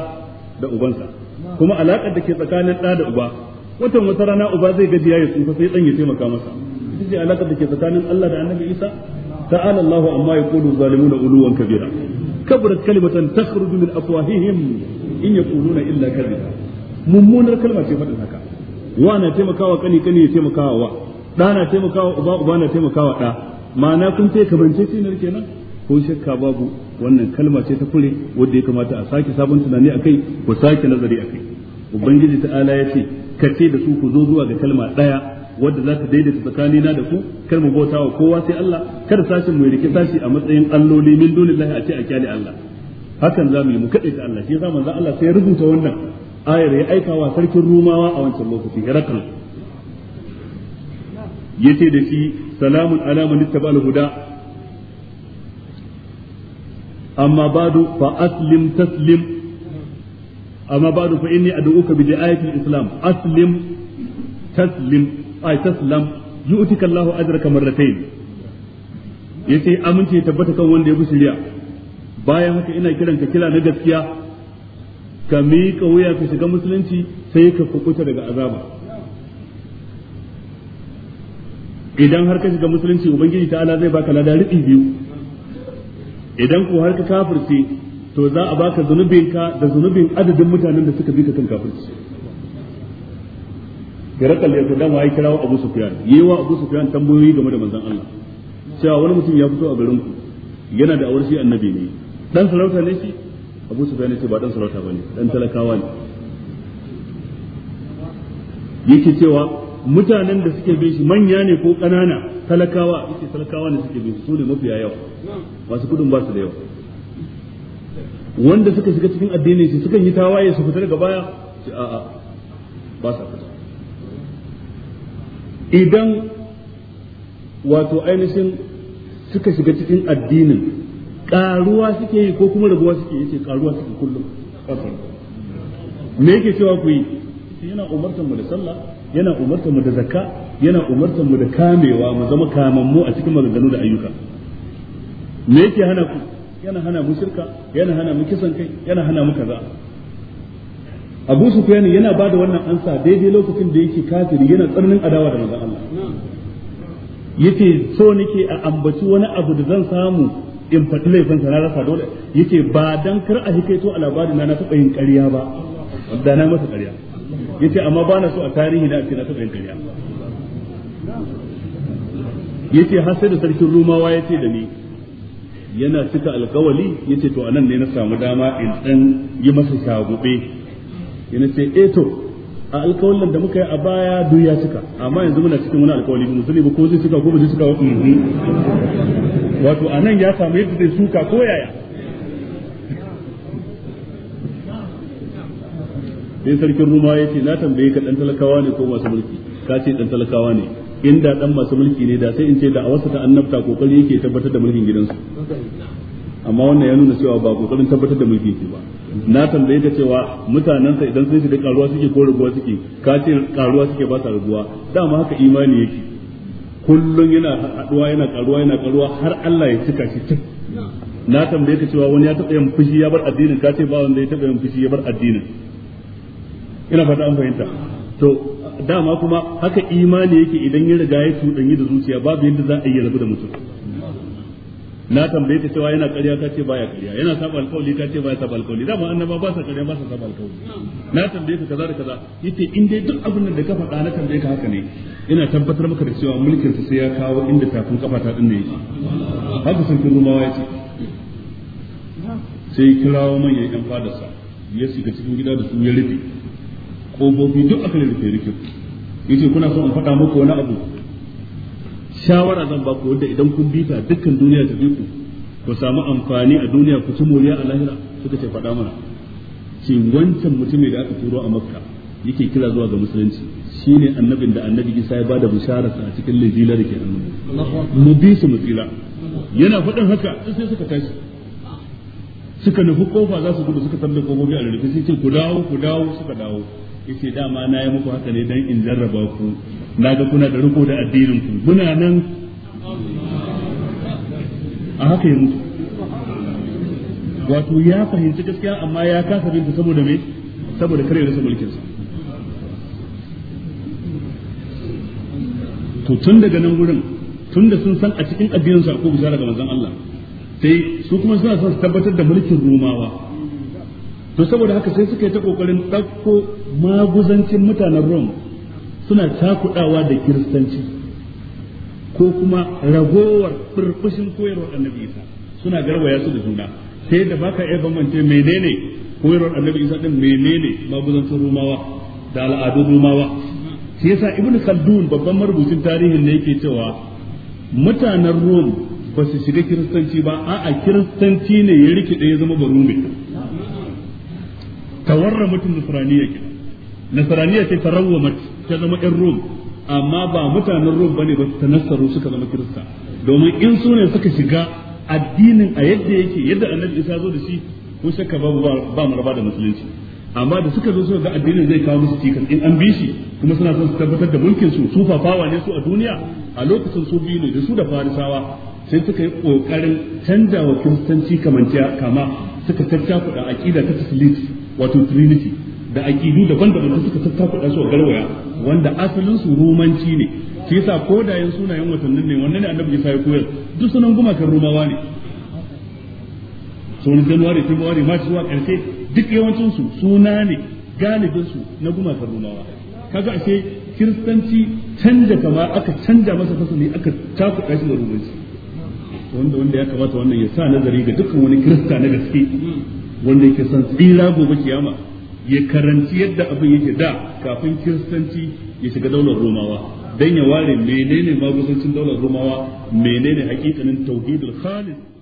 da ubansa kuma alakar da ke tsakanin da da uba wata wata rana uba zai gaji ya tsufa sai dan ya taimaka masa ita ce alakar da ke tsakanin Allah da Annabi Isa تعالى الله amma يقول الظالمون علوا كبيرا كبرت كلمة تخرج من أفواههم إن يقولون إلا كذبا mummunar kalma ce faɗin haka wa na taimakawa kani kani ya taimakawa wa ɗa na taimakawa uba uba na taimakawa ɗa ma'ana kun ce kamance cinar kenan ko shakka babu wannan kalma ce ta kure wadda ya kamata a sake sabon tunani a kai ku sake nazari a kai ubangiji ta'ala ya ce ka da su ku zo zuwa ga kalma ɗaya wadda za ta daidaita tsakanina da ku kar mu bauta wa kowa sai Allah kar sashin mu rike sashi a matsayin alloli min dunillahi a ce a kyale Allah hakan za mu yi mu kaɗe ta Allah shi yasa manzo Allah sai rubuta wannan ayar ya aika wa sarkin Rumawa a wancan lokaci Herakl yace da shi salamun ala man ittaba'al huda amma ba'du fa aslim taslim amma ba'du fa inni ad'uka bi da'ayati islam aslim taslim ay taslam yu'tika Allahu ajraka marratayn yace amince tabbata kan wanda ya bi bayan haka ina kiran ka kira na gaskiya ka miƙa wuya ka shiga musulunci sai ka kukuta daga azaba idan har ka shiga musulunci ubangiji ta'ala zai baka lada riɗi biyu idan ko har ka kafirce to za a baka ka da zunubin adadin mutanen da suka bi ka kan kafirci hirakal ya to dama ya kirawo abu yi wa abu sufiyan tambayoyi game da manzan Allah cewa wani mutum ya fito a garin ku yana da aure shi annabi ne dan sarauta ne shi abu sufiyan ne ce ba dan sarauta bane dan talakawa ne yake cewa mutanen da suke bin shi manya ne ko ƙanana talakawa yake talakawa ne suke bin su ne mafiya yawa masu kudin ba su da yawa wanda suka shiga cikin addinin shi sukan yi tawaye su fita daga baya a'a ba sa fita idan wato ainihin suka shiga cikin addinin karuwa suke yi ko kuma rabuwa suke yi ce karuwa suke kullum kafar me yake cewa ku yi yana umartar mu da sallah yana umartar mu da zakka yana umartar mu da kamewa mu zama kaman mu a cikin maganganu da ayyuka me yake hana ku yana hana mu shirka yana hana mu kisan kai yana hana mu kaza Abu Sufyan yana ba da wannan ansa daidai lokacin da yake kafiri yana tsananin adawa da manzon Allah yace so nake a ambaci wani abu da zan samu in faɗi laifin sa na rasa dole yace ba dan kar a hikaito a labarin na na taɓa yin ƙarya ba da na masa ƙarya yace amma ba na so a tarihi na ce na taɓa yin ƙarya yace har sai da sarkin Rumawa yace da ni yana cika alkawali yace to anan ne na samu dama in dan yi masa shagube yana ce eh to a alkawalin da muka yi a baya duk ya cika amma yanzu muna cikin wani alkawali mu sani ba ko zai cika ko ba zai cika ba mm-hmm. wato anan ya samu yadda zai suka ko yaya sai sarkin ruma ya ce na tambaye ka dan talakawa ne ko masu mulki ka ce dan talakawa ne inda dan masu mulki ne da sai in ce da a wasu ta annabta kokari yake tabbatar da mulkin gidansu amma wannan ya nuna cewa ba kokarin tabbatar da mulki ke ba na tambaye ka cewa mutanen sa idan sun shiga karuwa suke ko raguwa suke ka ce karuwa suke ba sa raguwa dama haka imani yake kullun yana haduwa yana karuwa yana karuwa har Allah ya cika shi tun na tambaye ka cewa wani ya taɓa yin fushi ya bar addinin ka ce ba wanda ya taɓa yin fushi ya bar addinin ina fata an fahimta to dama kuma haka imani yake idan ya riga ya tudanyi da zuciya babu yadda za a yi rabu da mutum na tambaye ta cewa yana ƙarya ta ce baya ƙarya yana saba alƙawli ta ce baya saba alƙawli dama annaba ba sa ƙarya ba sa saba alƙawli na tambaye ka kaza da kaza yace in dai duk abin da ka faɗa na tambaye ka haka ne ina tabbatar maka da cewa mulkin sa sai ya kawo inda tafin kafa ta din ne yake haka sun kiro mawa yace sai kirawo manyan yan fadarsa ya shiga cikin gida da su ya rufe kofofi duk aka rufe rufe yace kuna so in faɗa muku wani abu shawara zan ba ku wanda idan kun bi ta dukkan duniya ta bi ku ku samu amfani a duniya ku ci moriya a lahira suka ce faɗa mana shin wancan mutumin da aka turo a makka yake kira zuwa ga musulunci shine annabin da annabi Isa ya bada musharasa a cikin lijila da ke hannu. mu bi su mu tsira yana faɗin haka sai suka tashi suka nufi kofa za su gudu suka tambaye kofofi a rarrafe sai ce ku dawo ku dawo suka dawo yace dama na yi muku haka ne dan in jarraba ku ga kuna da riko da addinin ku muna nan a haka ya mutu wato ya fahimci gaskiya amma ya kasa binta saboda me saboda kare rasa mulkinsa to tun daga nan gurin tun da sun san a cikin addininsu akwai bishara ga manzon Allah sai su kuma suna son su tabbatar da mulkin Romawa to saboda haka sai suka yi ta kokarin ɗauko maguzancin mutanen Rome suna takudawa da kiristanci ko kuma ragowar furfushin koyarwar annabi Isa suna garwaya su da juna sai da baka iya bambance menene koyarwar annabi Isa din menene maguzancin Romawa da al'adun Romawa shi yasa Ibn Khaldun babban marubucin tarihin ne yake cewa mutanen Rome ba su shiga kiristanci ba a'a kiristanci ne ya rikide ya zama barume tawarramatin nasraniyya ke nasraniyya ce tarawwamat ta zama ɗan rom amma ba mutanen rom bane ba ta nasaru suka zama kirista domin in su ne suka shiga addinin a yadda yake yadda annabi isa zo da shi ko shakka babu ba mu da musulunci amma da suka zo suka ga addinin zai kawo musu cikas in an bi shi kuma suna son su tabbatar da mulkin su su fafawa ne su a duniya a lokacin su biyu ne da su da farisawa sai suka yi kokarin canja wa kiristanci kamanta kama suka da aqida ta tasliti wato trinity da aqidu daban-daban da suka tattakuɗa su a garwaya wanda asalin su romanci ne ke sa ko da sunayen watannin ne wannan ne annabi Isa ya koyar duk sunan gumakan romawa ne sunan januwari, februari march zuwa karshe duk yawancin su suna ne galibin su na gumakan romawa kaga ashe kiristanci canja kama aka canja masa fasali aka takuɗa shi da romanci wanda wanda ya kamata wannan ya sa nazari ga dukkan wani kirista na gaske wanda yake son tsira gobe kiyama ya karanci yadda abin yake da kafin kiristanci ya shiga daular romawa dan ya ware menene magusancin daular romawa menene hakikanin tauhidul khalis